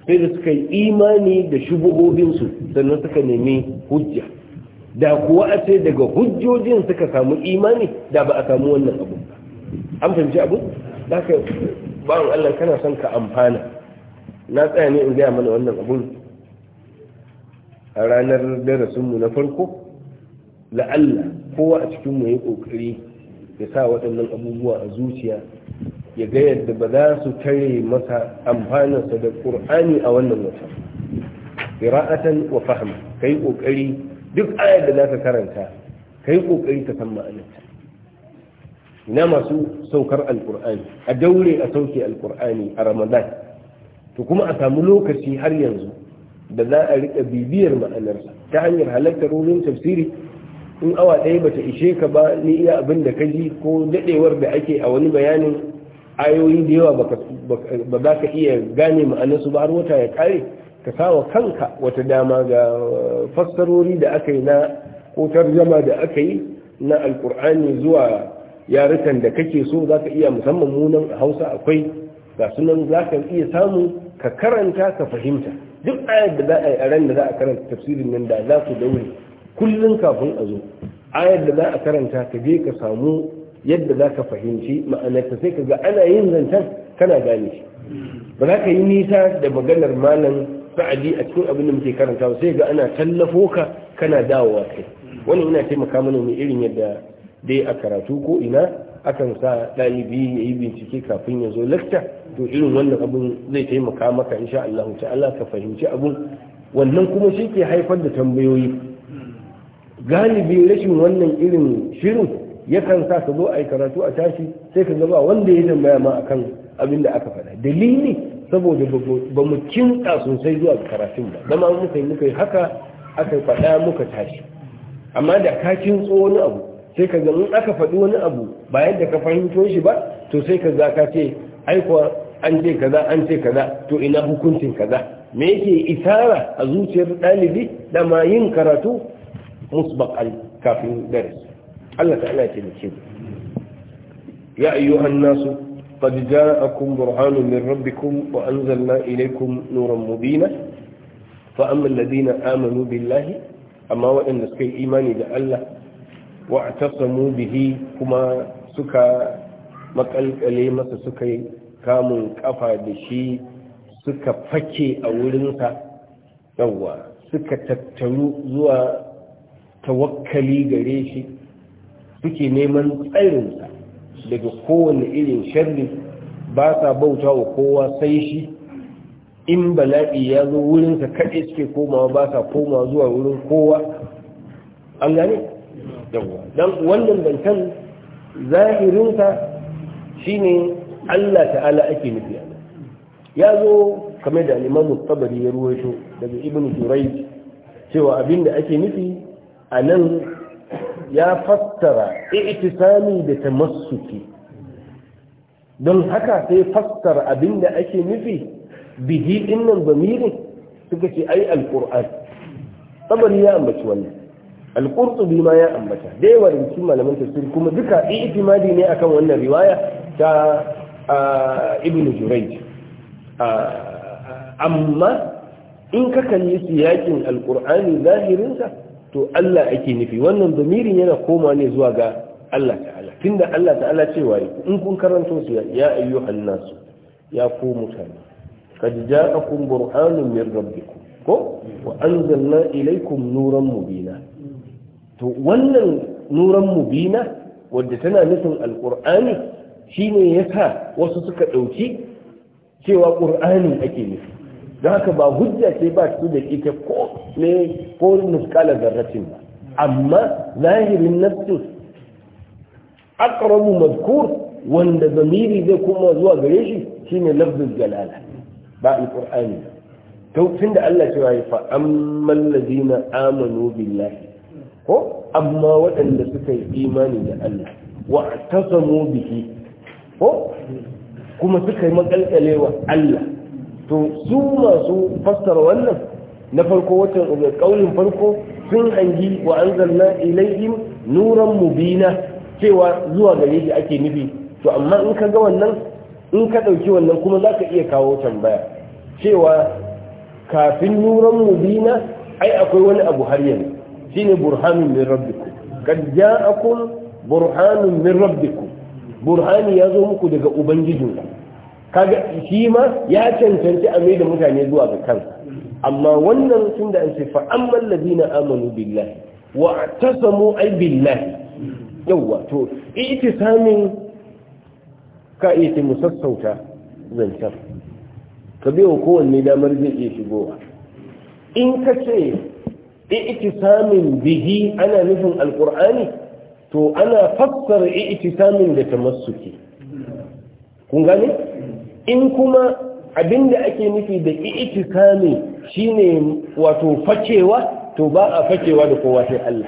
Speaker 2: sai da suka yi imani da shubuhohinsu sannan suka nemi hujja da kuwa a ce daga hujjojin suka samu imani da ba a samu wannan abu ba an fahimci abu za ka Allah kana son ka amfana na tsaya ne in gaya mana wannan abun a ranar darasinmu na farko la'alla kowa a cikinmu ya ƙoƙari ya sa waɗannan abubuwa a zuciya ya ga yadda ba za su tare masa amfanarsa da ƙur'ani a wannan wata ƙira'atan wa fahimta ka yi ƙoƙari duk ayar da za ka karanta ka yi ƙoƙari ka san ma'anarta ina masu saukar alkur'ani a daure a sauke alkur'ani a ramadan to kuma a samu lokaci har yanzu da za a rika bibiyar ma'anarsa ta hanyar halartar wurin tafsiri in awa ɗaya bata ishe ka ba ni iya abin da ka ji ko daɗewar da ake a wani bayanin ayoyi da yawa ba za ka iya gane ma'anarsu ba har wata ya kare ka sawa kanka wata dama ga fassarori da aka yi na ko tarjama da aka yi na alkur'ani zuwa yarukan da kake so za ka iya musamman munan hausa akwai ga sunan za ka iya samu ka karanta ka fahimta duk ayar da za a yi a ran da za a karanta tafsirin nan da za ku daure kullum kafin a zo ayar da za a karanta ka je ka samu yadda za ka fahimci ma'anarta sai ka ga ana yin zancen kana gane shi ba za ka yi nisa da maganar malam sa'adi a cikin abin da muke karanta sai ga ana tallafo ka kana dawowa kai wannan ina taimaka mana ne irin yadda dai a karatu ko ina akan sa ɗalibi ya yi bincike kafin ya zo lakta to irin wannan abun zai taimaka maka insha Allah Allah ka fahimci abun wannan kuma shi ke haifar da tambayoyi galibi rashin wannan irin shirin yakan sa ka zo a yi karatu a tashi sai ka ba wanda ya tambaya ma akan abin da aka faɗa dalili saboda ba mu kinka sosai zuwa karatun ba zama muka yi muka yi haka aka faɗa muka tashi amma da ka tsohon wani abu sai ka ga in aka faɗi wani abu ba yadda ka fahimto shi ba to sai ka za ka ce aikuwa an ce kaza an ce kaza to ina hukuncin kaza me yake isara a zuciyar ɗalibi da ma yin karatu musbaqan kafin darasi Allah ta'ala ya taimake ya ayyuhan nasu قد جاءكم برهان من ربكم وأنزلنا إليكم نورا مبينا فأما الذين آمنوا بالله suka وإن نسكي da allah. wa tasamu bihi kuma suka makalkale masa suka yi kamun kafa da shi suka fake a wurinsa yawwa suka tattaru zuwa tawakkali gare shi suke neman tsarinsa daga kowane irin sharri ba sa bauta wa kowa sai shi in bala'i ya zo wurinsa kaɗai suke komawa ba sa komawa zuwa wurin kowa an gane dan wannan zancen zahirinsa shine Allah ta'ala ake nufi a ya zo kamar da alimamu tabari ya ruwaito daga ibn Turai cewa abin da ake nufi a nan ya fassara i'tisami da tamassuki don haka sai fassara abin da ake nufi bihi dinnan zamirin suka ce ai alqur'an tabari ya ambaci wannan al ma ya ambata da yawa daga cikin malaman tafsir kuma duka i'timadi ne akan wannan riwaya ta ibn juraij amma in ka kalli siyakin alkur'ani zahirinsa to Allah ake nufi wannan domirin yana koma ne zuwa ga Allah ta'ala tunda Allah ta'ala cewa in kun karanto su ya ayyuhan nasu ya ku mutane kad ja'akum burhanun min rabbikum ko wa anzalna ilaykum nuran mubina to wannan nuran mubina wadda tana nufin alkur'ani shine yasa wasu suka ɗauki cewa ƙur'ani ake nufi don haka ba hujja ce ba su da ita ko ne ko nuskala zarratin ba amma zahirin nafsu aqrabu mazkur wanda zamiri zai kuma zuwa gare shi shine lafzul jalala ba alqur'ani to tunda Allah cewa fa ammal ladina amanu billahi ko amma waɗanda suka yi imani da Allah wa tasamu bihi ko kuma suka yi makalkalewa Allah to su masu fassara wannan na farko wata kaulin farko sun hangi wa anzalna ilayhim nuran mubina cewa zuwa gare shi ake nufi to amma in ka ga wannan in ka ɗauki wannan kuma zaka iya kawo tambaya cewa kafin nuran mubina ai akwai wani abu har yanzu shine burhanun min rabbikum kad ja'akum burhanun min rabbikum burhani ya zo muku daga ubangijin kaga shi ma ya cancanci a mai da mutane zuwa ga kan. amma wannan sun da an ce fa amman ladina amanu billahi wa tasamu ai billahi yawa to itisamin ka iya musassauta zancen ka biyo kowanne damar zai iya shigowa in ka ce i'tisamin bihi ana nufin alqur'ani to ana fassara i'tisamin da tamassuki kun gane in kuma abinda ake nufi da i'tisami shine wato fakewa to ba a fakewa da kowa sai Allah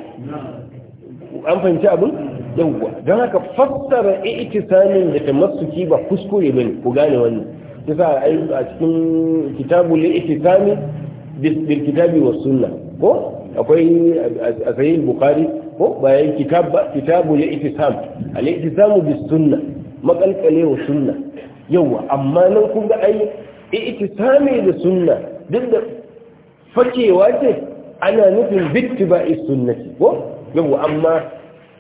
Speaker 2: an fahimci abin yawwa don haka fassara i'tisamin da tamassuki ba kuskure bane ku gane wannan yasa a cikin kitabul i'tisami bil kitabi was sunnah ko akwai a sayi bukari ko bayan kitabu ya itisam al-itisamu bis sunna makalkale wa sunna yawa amma nan kun ga ai itisami da sunna duk da fakewa ce ana nufin bittiba'i sunnati ko yawa amma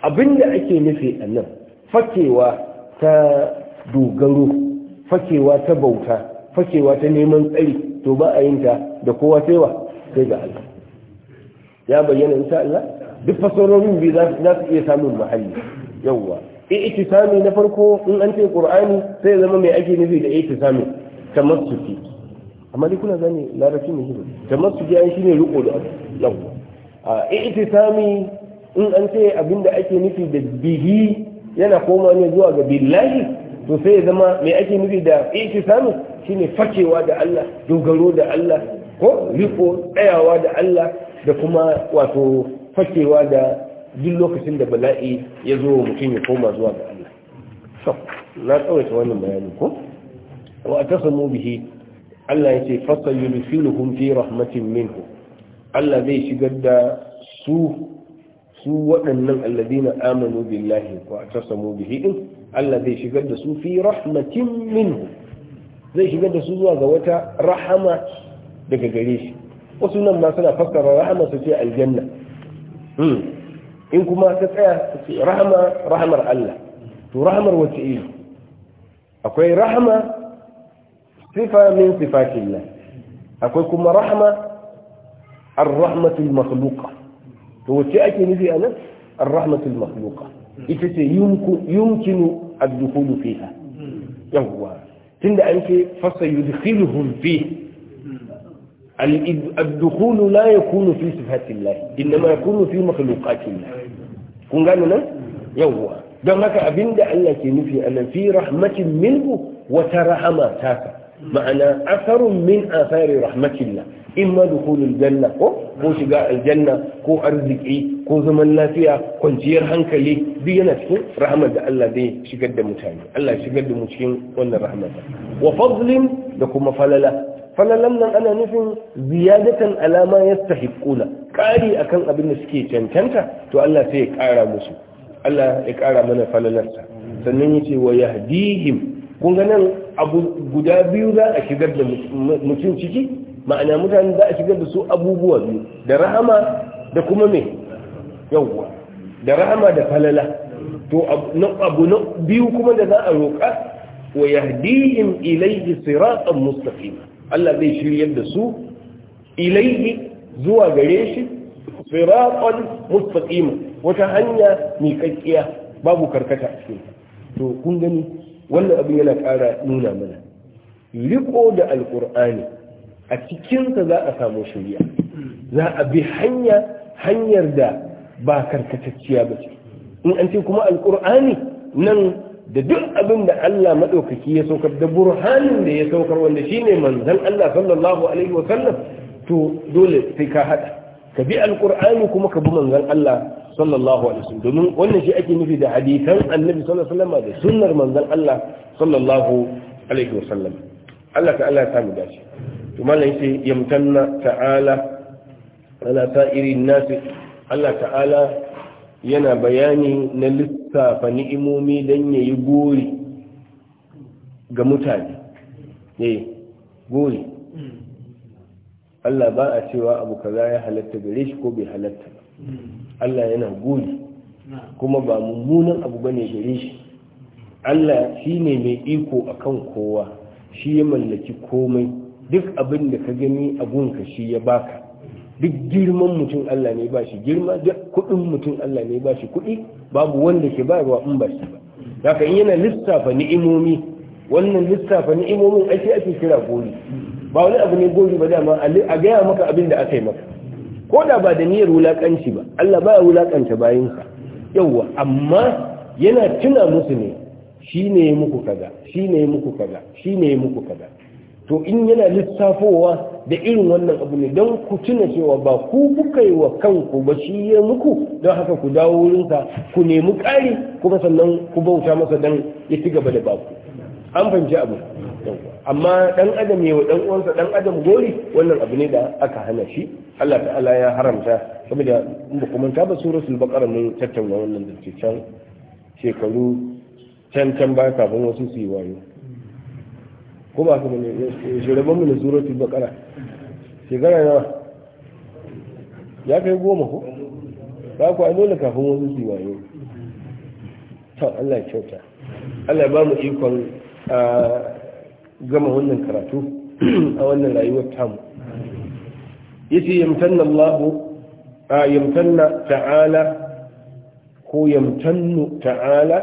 Speaker 2: abinda ake nufi nan fakewa ta dogaro fakewa ta bauta fakewa ta neman tsari to ba a yin da kowa sai wa sai ga Allah ya bayyana insha Allah duk fasarorin biyu za su iya samun mahalli yawwa i'tisami na farko in an ce qur'ani sai zama mai ake nufi da i'tisami fi amma dai kuna gane larabci ne hidu tamassuki an shine riko da yawa a i'tisami in an ce abinda ake nufi da bihi yana koma ne zuwa ga billahi to sai zama mai ake nufi da i'tisami shine fakewa da Allah dogaro da Allah ko riko tsayawa da Allah da kuma wato fakewa da duk lokacin da bala'i ya zo mutum ya koma zuwa ga Allah so na tsawaita wannan bayani ko wa tasamu bihi Allah yace kun fi rahmatin minhu Allah zai shigar da su su waɗannan alladina amanu billahi wa tasamu bihi din Allah zai shigar da su fi rahmatin minhu zai shigar da su zuwa ga wata rahama daga gare shi wasu nan ma suna fassara rahama su ce aljanna in kuma ta tsaya su ce rahama rahamar Allah to rahamar wace iri akwai rahama sifa min sifatillah akwai kuma rahama ar-rahmatul makhluqa to wace ake nufi a nan ar-rahmatul makhluqa ita ce yumkinu ad-dukhulu fiha yawwa tunda an ce fasa yudkhiluhum fihi الدخول لا يكون في صفات الله إنما يكون في مخلوقات الله kun gane nan yawwa don haka abinda Allah ke nufi anan fi rahmatin minhu wata rahama taka ma'ana asarun min asari rahmatillah imma dukhulul janna ko shiga aljanna ko arziki ko zaman lafiya kwanciyar hankali duk yana cikin rahmar da Allah zai shigar da mutane Allah shigar da mu cikin wannan rahmar wa fadlin da kuma falala falalan nan ana nufin ziyadatan alama ya stahiquna kari akan abin da suke cancanta to Allah sai ya kara musu Allah ya kara mana falalarsa sannan yace wa yahdihim kun ga nan abu guda biyu za a shigar da mutum ciki ma'ana mutane za a shigar da su abubuwa biyu da rahama da kuma me yawwa da rahama da falala to abu na biyu kuma da za a roƙa wa yahdihim ilayhi siratan mustaqima Allah zai shiryar da su ilaihi zuwa gare shi siratan mustaqim wata hanya miƙaƙƙiya babu karkata a to kun gani wannan abin yana ƙara nuna mana riko da alƙur'ani a cikinsa za a samu shari'a za a bi hanya hanyar da ba karkatacciya ba ce in an ce kuma alƙur'ani nan da duk abin da Allah maɗaukaki ya saukar da burhanin da ya saukar wanda shi ne manzan Allah sallallahu alaihi wa sallam to dole sai ka haɗa ka bi alqur'ani kuma ka bi manzan Allah sallallahu alaihi wasallam domin wannan shi ake nufi da hadisan annabi sallallahu alaihi wasallam da sunnar manzan Allah sallallahu alaihi wasallam Allah ta'ala ya samu dace to mallan yace yamtanna ta'ala ala sa'irin nas Allah ta'ala yana bayani na lissafa ni'imomi don ya yi gori ga mutane ya eh, yi gori Allah ba a cewa abu kaza ya halatta gare shi ko bai halatta ba Allah yana gori kuma ba mummunan abu ba ne gare shi Allah shi ne mai iko akan kowa shi ya mallaki komai duk abin da ka gani a gunka shi ya baka duk girman mutum Allah ne ba shi girma duk kuɗin mutum Allah ne ba shi kuɗi babu wanda ke ruwa in ba shi ba haka in yana lissafa ni'imomi wannan lissafa ni'imomin ake ake kira gori ba wani abu ne gori ba dama a gaya maka abin da aka yi maka ko da ba da niyyar wulakanci ba Allah ba ya wulakanta ka yawwa amma yana tuna musu ne shi ne muku kaza shi ne muku kaza shi ne muku kaza to in yana lissafowa da irin wannan abu ne don ku tuna cewa ba ku kuka yi wa kanku ba shi ya muku don haka ku dawo wurinsa ku nemi ƙari kuma sannan ku bauta masa don ya ci gaba da baku an fahimci abu amma dan adam ya wa dan uwansa adam gori wannan abu ne da aka hana shi Allah ta'ala ya haramta saboda in ba kuma manta ba suratul baqara mun tattauna wannan da can shekaru can can ba kafin wasu su yi wayo ko ba kuma ne shiraban mu mana suratul baqara shekara nawa ya kai goma ko ba ku ai dole kafin wasu su waye to Allah ya kyauta Allah ba mu ikon gama wannan karatu (clears throat) a wannan rayuwar tamu yace yamtanna Allah yamtanna ta'ala ko yamtannu ta'ala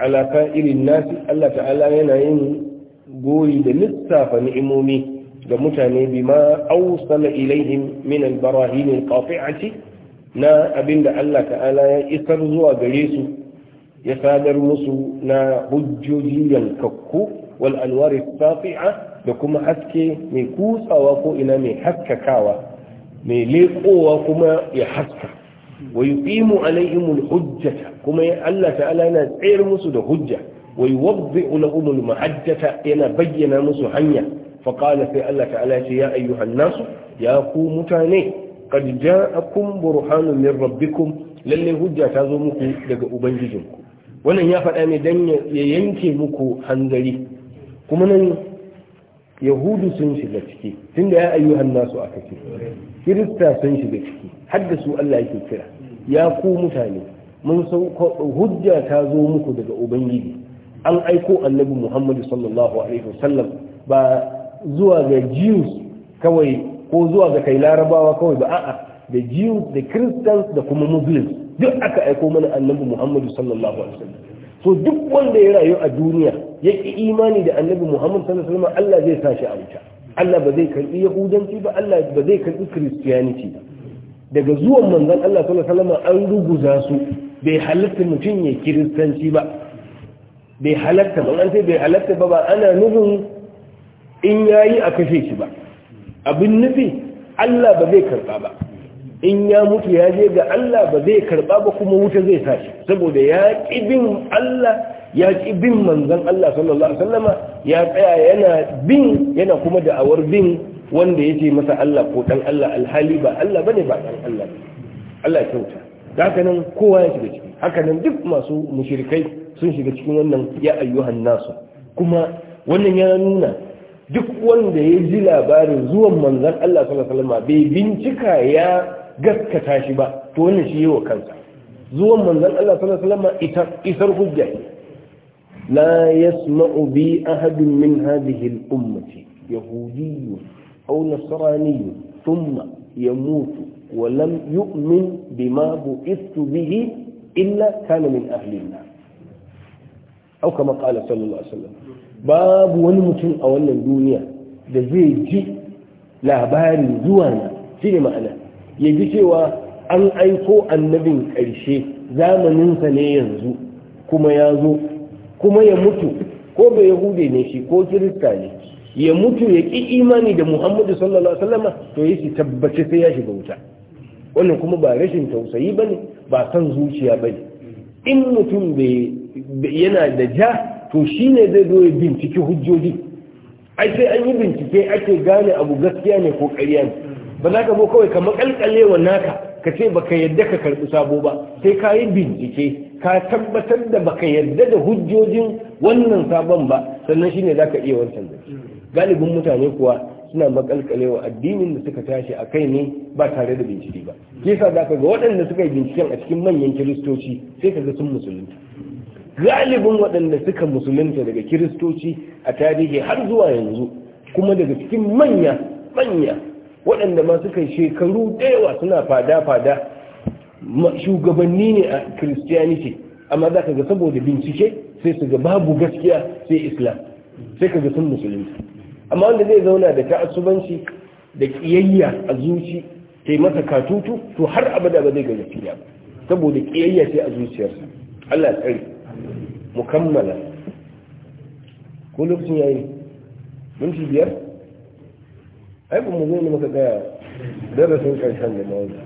Speaker 2: ala ka'irin nasi Allah ta'ala yana yin goyi da lissafa ni'imomi ga mutane ma awsala ilaihim min al-barahin al na abinda Allah ta'ala ya isar zuwa gare su ya sadar musu na hujjoji yankakku wal anwari safi'a da kuma haske mai kutsawa ko ina mai haskakawa mai leƙowa kuma ya haska wa yuqimu alaihimul hujjata kuma Allah ta'ala yana tsayar musu da hujja wa yuwaddi'u lahum al-muhajjata yana bayyana musu hanya fa sai Allah ta'ala ce ya ayyuhan nasu ya ku mutane qad ja'akum burhanun min rabbikum lalle hujja ta zo muku daga ubangijinku wannan ya faɗa ne dan ya yanke muku hanzari kuma nan yahudu sun shiga ciki tunda ya ayyuhan nasu aka ce kirista sun shiga ciki hadda su Allah yake kira ya ku mutane mun sauko hujja ta zo muku daga ubangiji an aiko annabi muhammadu sallallahu alaihi wasallam ba zuwa ga jews kawai ko zuwa ga kai larabawa kawai ba a'a da jews da christians da kuma muslims duk aka aiko mana annabi muhammadu sallallahu alaihi wasallam so duk wanda ya rayu a duniya ya ki imani da annabi muhammadu sallallahu alaihi wasallam Allah zai sa shi a wuta Allah ba zai karbi yahudanci ba Allah ba zai karbi christianity ba daga zuwan manzon Allah sallallahu alaihi wasallam an ruguza su bai halatta mutum ya kiristanci ba bai halatta ba an sai bai halatta ba ba ana nufin in ya yi a kashe shi ba abin nufi Allah ba zai karba ba in ya mutu ya je ga Allah ba zai karba ba kuma wuta zai tashi saboda ya bin Allah ya ki bin manzan Allah sallallahu alaihi wasallama ya tsaya yana bin yana kuma da'awar bin wanda ya ce masa Allah ko dan Allah alhali ba Allah bane ba dan Allah Allah kyauta haka nan kowa ya shiga ciki haka nan duk masu mushrikai sun shiga cikin wannan ya ayyuhan nasu kuma wannan ya nuna duk wanda ya ji labarin zuwan manzan Allah sallallahu bai bincika ya gaskata shi ba to wannan shi wa kansa zuwan manzan Allah sallallahu ita isar hujja la yasma'u bi ahadin min hadhihi al-ummati yahudiyyun aw nasraniyyun thumma yamutu Walam, يؤمن بما بعثت به إلا min من أهل au kama qala sallallahu alaihi wasallam babu wani mutum a wannan duniya da zai ji labarin zuwa na shine ma'ana ya ji cewa an aiko annabin ƙarshe zamaninsa ne yanzu kuma ya zo kuma ya mutu ko bai yahude ne shi ko kirista ne ya mutu ya ƙi imani da muhammadu sallallahu alaihi wasallam to ya shi tabbace sai ya shiga wuta wannan kuma ba rashin tausayi bane ba san zuciya bane in mutum bai yana da ja to shi ne zai zo ya bincike hujjoji ai sai an yi bincike ake gane abu gaskiya ne ko ƙarya ne ba za ka zo kawai ka makalkale wa naka ka ce baka yadda ka karɓi sabo ba sai ka yi bincike ka tabbatar da baka yadda da hujjojin wannan sabon ba sannan shi ne za ka iya wancan da galibin mutane kuwa suna wa addinin da suka tashi a kai ne ba tare da bincike ba ke sa za ka ga waɗanda suka yi binciken a cikin manyan kiristoci sai ka ga sun musulunta galibin waɗanda suka musulunta daga kiristoci a tarihi har zuwa yanzu kuma daga cikin manya manya waɗanda ma suka shekaru ɗaya suna fada-fada shugabanni ne a christianity amma za ka ga saboda bincike sai su ga babu gaskiya sai islam sai ka ga sun musulunci amma wanda zai zauna da ta'assubanci da kiyayya a zuci ta yi masa katutu to har abada ba zai ga gaskiya saboda kiyayya sai a zuciyarsa Allah tsari mukammala ko lokacin yayi minti biyar ai ba mu zo ne muka gaya darasin karshen da mawuzi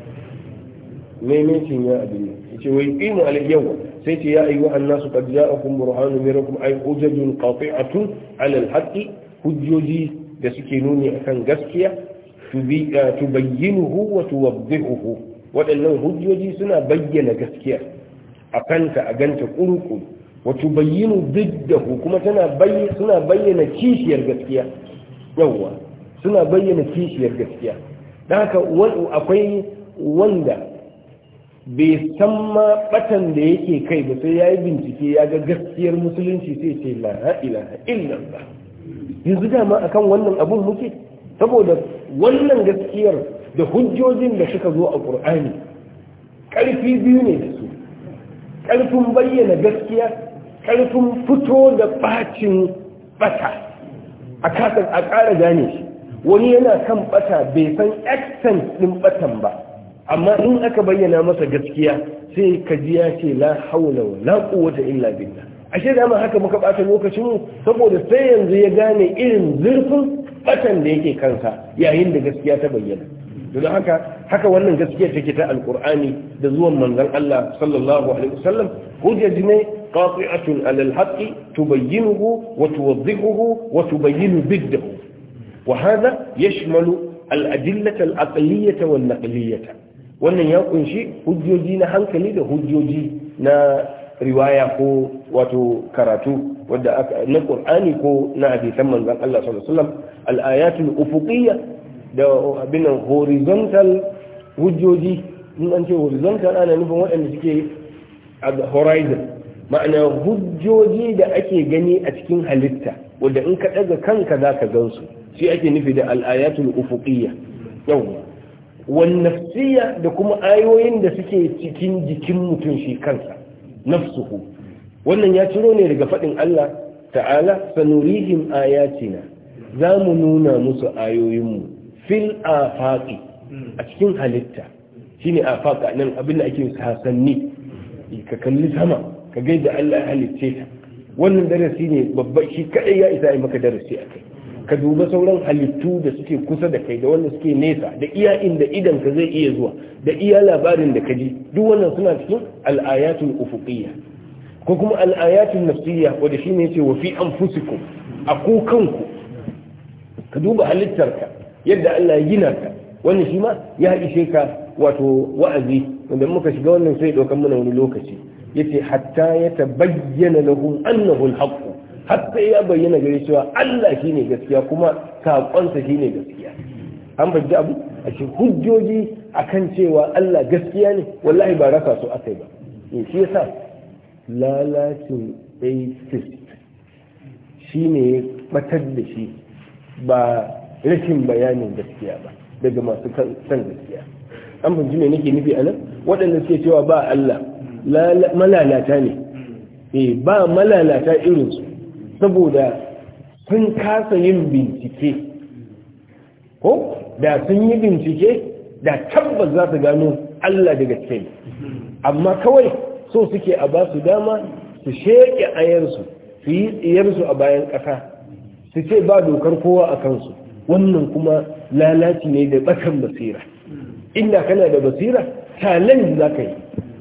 Speaker 2: maimacin ya abin ya ce wai ƙinu alayyau sai ce ya ayyuha annasu qad ja'akum burhanun min rabbikum ay hujjatun qati'atun 'ala al-haqqi hujjoji da suke nuni akan gaskiya tubayyinuhu wa tuwaddihuhu waɗannan hujjoji suna bayyana gaskiya a kanta a ganta kurku wato bayyinu diddahu kuma tana kuma suna bayyana kishiyar gaskiya yawwa suna bayyana kishiyar gaskiya da haka akwai wanda bai san ma batan da yake kai ba sai ya yi bincike ya ga gaskiyar musulunci sai ce la
Speaker 3: illallah
Speaker 2: yanzu dama akan wannan abun muke saboda wannan gaskiyar da hujjojin da suka zo a ƙur'ani ƙarfi biyu ne da su ƙarfin bayyana gaskiya ƙarfin fito da ɓacin ɓata a kasar a ƙara gane shi wani yana kan ɓata bai san extent ɗin ɓatan ba amma in aka bayyana masa gaskiya sai ka ji ya ce la haula wa la quwwata illa billah ashe da mu haka muka bata lokacin mu saboda sai yanzu ya gane irin zurfin ɓatan da yake kansa yayin da gaskiya ta bayyana don haka haka wannan gaskiya take ta alkur'ani da zuwan manzon Allah sallallahu alaihi wasallam hujjaj ne qati'atun alal haqqi tubayyinuhu wa tuwaddihuhu wa tubayyinu biddahu wa hadha yashmalu al adillata al aqliyata wal naqliyata wannan ya kunshi hujjoji na hankali da hujjoji na riwaya ko wato karatu wadda na qur'ani ko na hadisan manzon Allah sallallahu alaihi wasallam al ayatul ufuqiyya da abin horizontal hujjoji in an ce horizontal ana nufin waɗanda suke a horizon ma'ana hujjoji da ake gani a cikin halitta wanda in ka ɗaga kanka za ka gan su shi ake nufi da al'ayatul ufuqiyya yawwa wan nafsiyya da kuma ayoyin da suke cikin jikin mutum shi kansa nafsuhu wannan ya ciro ne daga faɗin Allah ta'ala sanurihim ayatina za mu nuna musu ayoyinmu fil afaqi a cikin halitta shine a nan abin da ake hasanni ka kalli sama ka gai da Allah ya halicce ta wannan darasi ne babba shi kaɗai ya isa yi maka darasi a kai ka duba sauran halittu da suke kusa da kai da wanda suke nesa da iya inda idan ka zai iya zuwa da iya labarin da ka ji duk wannan suna cikin al'ayatul ufuqiyya ko kuma al'ayatul nafsiyya wanda shine yace wa fi anfusikum a ku kanku ka duba halittarka yadda Allah ya gina ka wannan shi ma ya ishe ka wato wa'azi wanda muka shiga wannan sai dokan mana wani lokaci yace hatta ya tabayyana lahum annahu alhaq hatta ya bayyana gare cewa Allah shine gaskiya kuma sakonsa shine gaskiya an fahimci abu a ce hujjoji akan cewa Allah gaskiya ne wallahi ba rasa su akai ba e, shi yasa lalacin atheist shine ya batar da shi ba rashin bayanin gaskiya ba daga masu san gaskiya an fahimci me nake nufi anan waɗanda suke cewa ba Allah malalata ne eh ba malalata irin su saboda sun kasa yin bincike ko da sun yi bincike da tabbas za su gano Allah daga cikin amma kawai so suke a ba su dama su sheƙe ayarsu su yi tsiyarsu a bayan ƙasa su ce ba dokar kowa a kansu wannan kuma lalaci ne da bakan basira inda kana da basira challenge za ka yi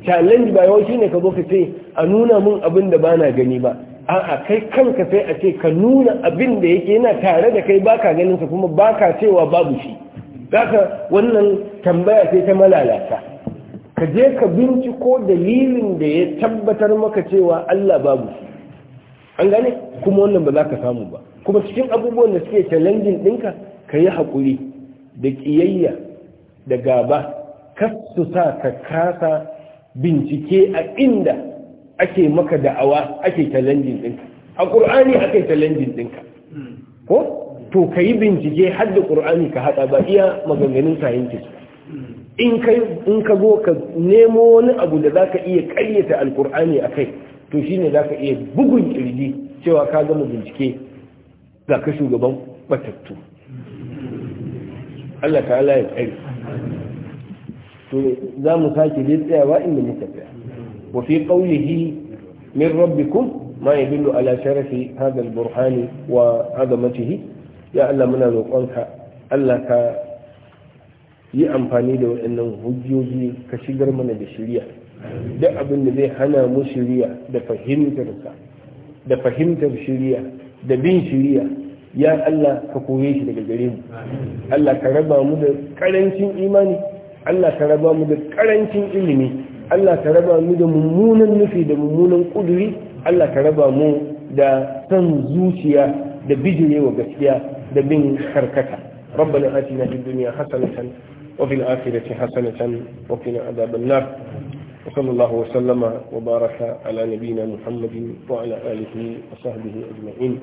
Speaker 2: challenge ba yawanci ne ka zo ka ce a nuna mun abin da bana gani ba a'a kai kanka sai a ce ka nuna abin da yake yana tare da kai baka ganin sa kuma baka cewa babu shi zaka wannan tambaya sai ta malalata ka je ka binciko dalilin da ya tabbatar maka cewa Allah babu shi. an gane kuma wannan ba za ka samu ba kuma cikin abubuwan da suke challenging ɗinka ka yi haƙuri da ƙiyayya da gaba kasu sa ka kasa bincike a inda ake maka da'awa ake challenging ɗinka a ƙur'ani ake challenging ɗinka ko to ka yi bincike har da ƙur'ani ka haɗa ba iya maganganun scientist in ka zo ka nemo wani abu da za ka iya ƙaryata alƙur'ani a kai to shine za ka iya bugun ƙirji cewa ka gama bincike ga ka shugaban batattu Allah ta Allah ya tsari to za mu sake dai tsayawa inda muka tsaya wa fi qawlihi min rabbikum ma yadullu ala sharafi hadha al-burhani wa azamatihi ya Allah muna roƙonka Allah ka yi amfani da waɗannan hujjoji ka shigar mana da shirya duk abin da zai hana mu shirya da da fahimtar shirya da bin shiriya ya Allah ka koye shi daga gare mu Allah ka raba mu da karancin imani Allah ka raba mu da karancin ilimi Allah ka raba mu da mummunan nufi da mummunan kuduri Allah ka raba mu da san zuciya da bijirewa gaskiya da bin karkata ربنا آتنا في الدنيا حسنة وفي الآخرة حسنة وقنا عذاب النار وصلى الله وسلم وبارك على نبينا محمد وعلى آله وصحبه أجمعين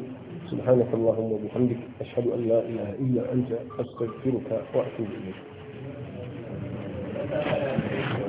Speaker 2: سبحانك اللهم وبحمدك أشهد أن لا إله إلا أنت أستغفرك وأتوب
Speaker 3: إليك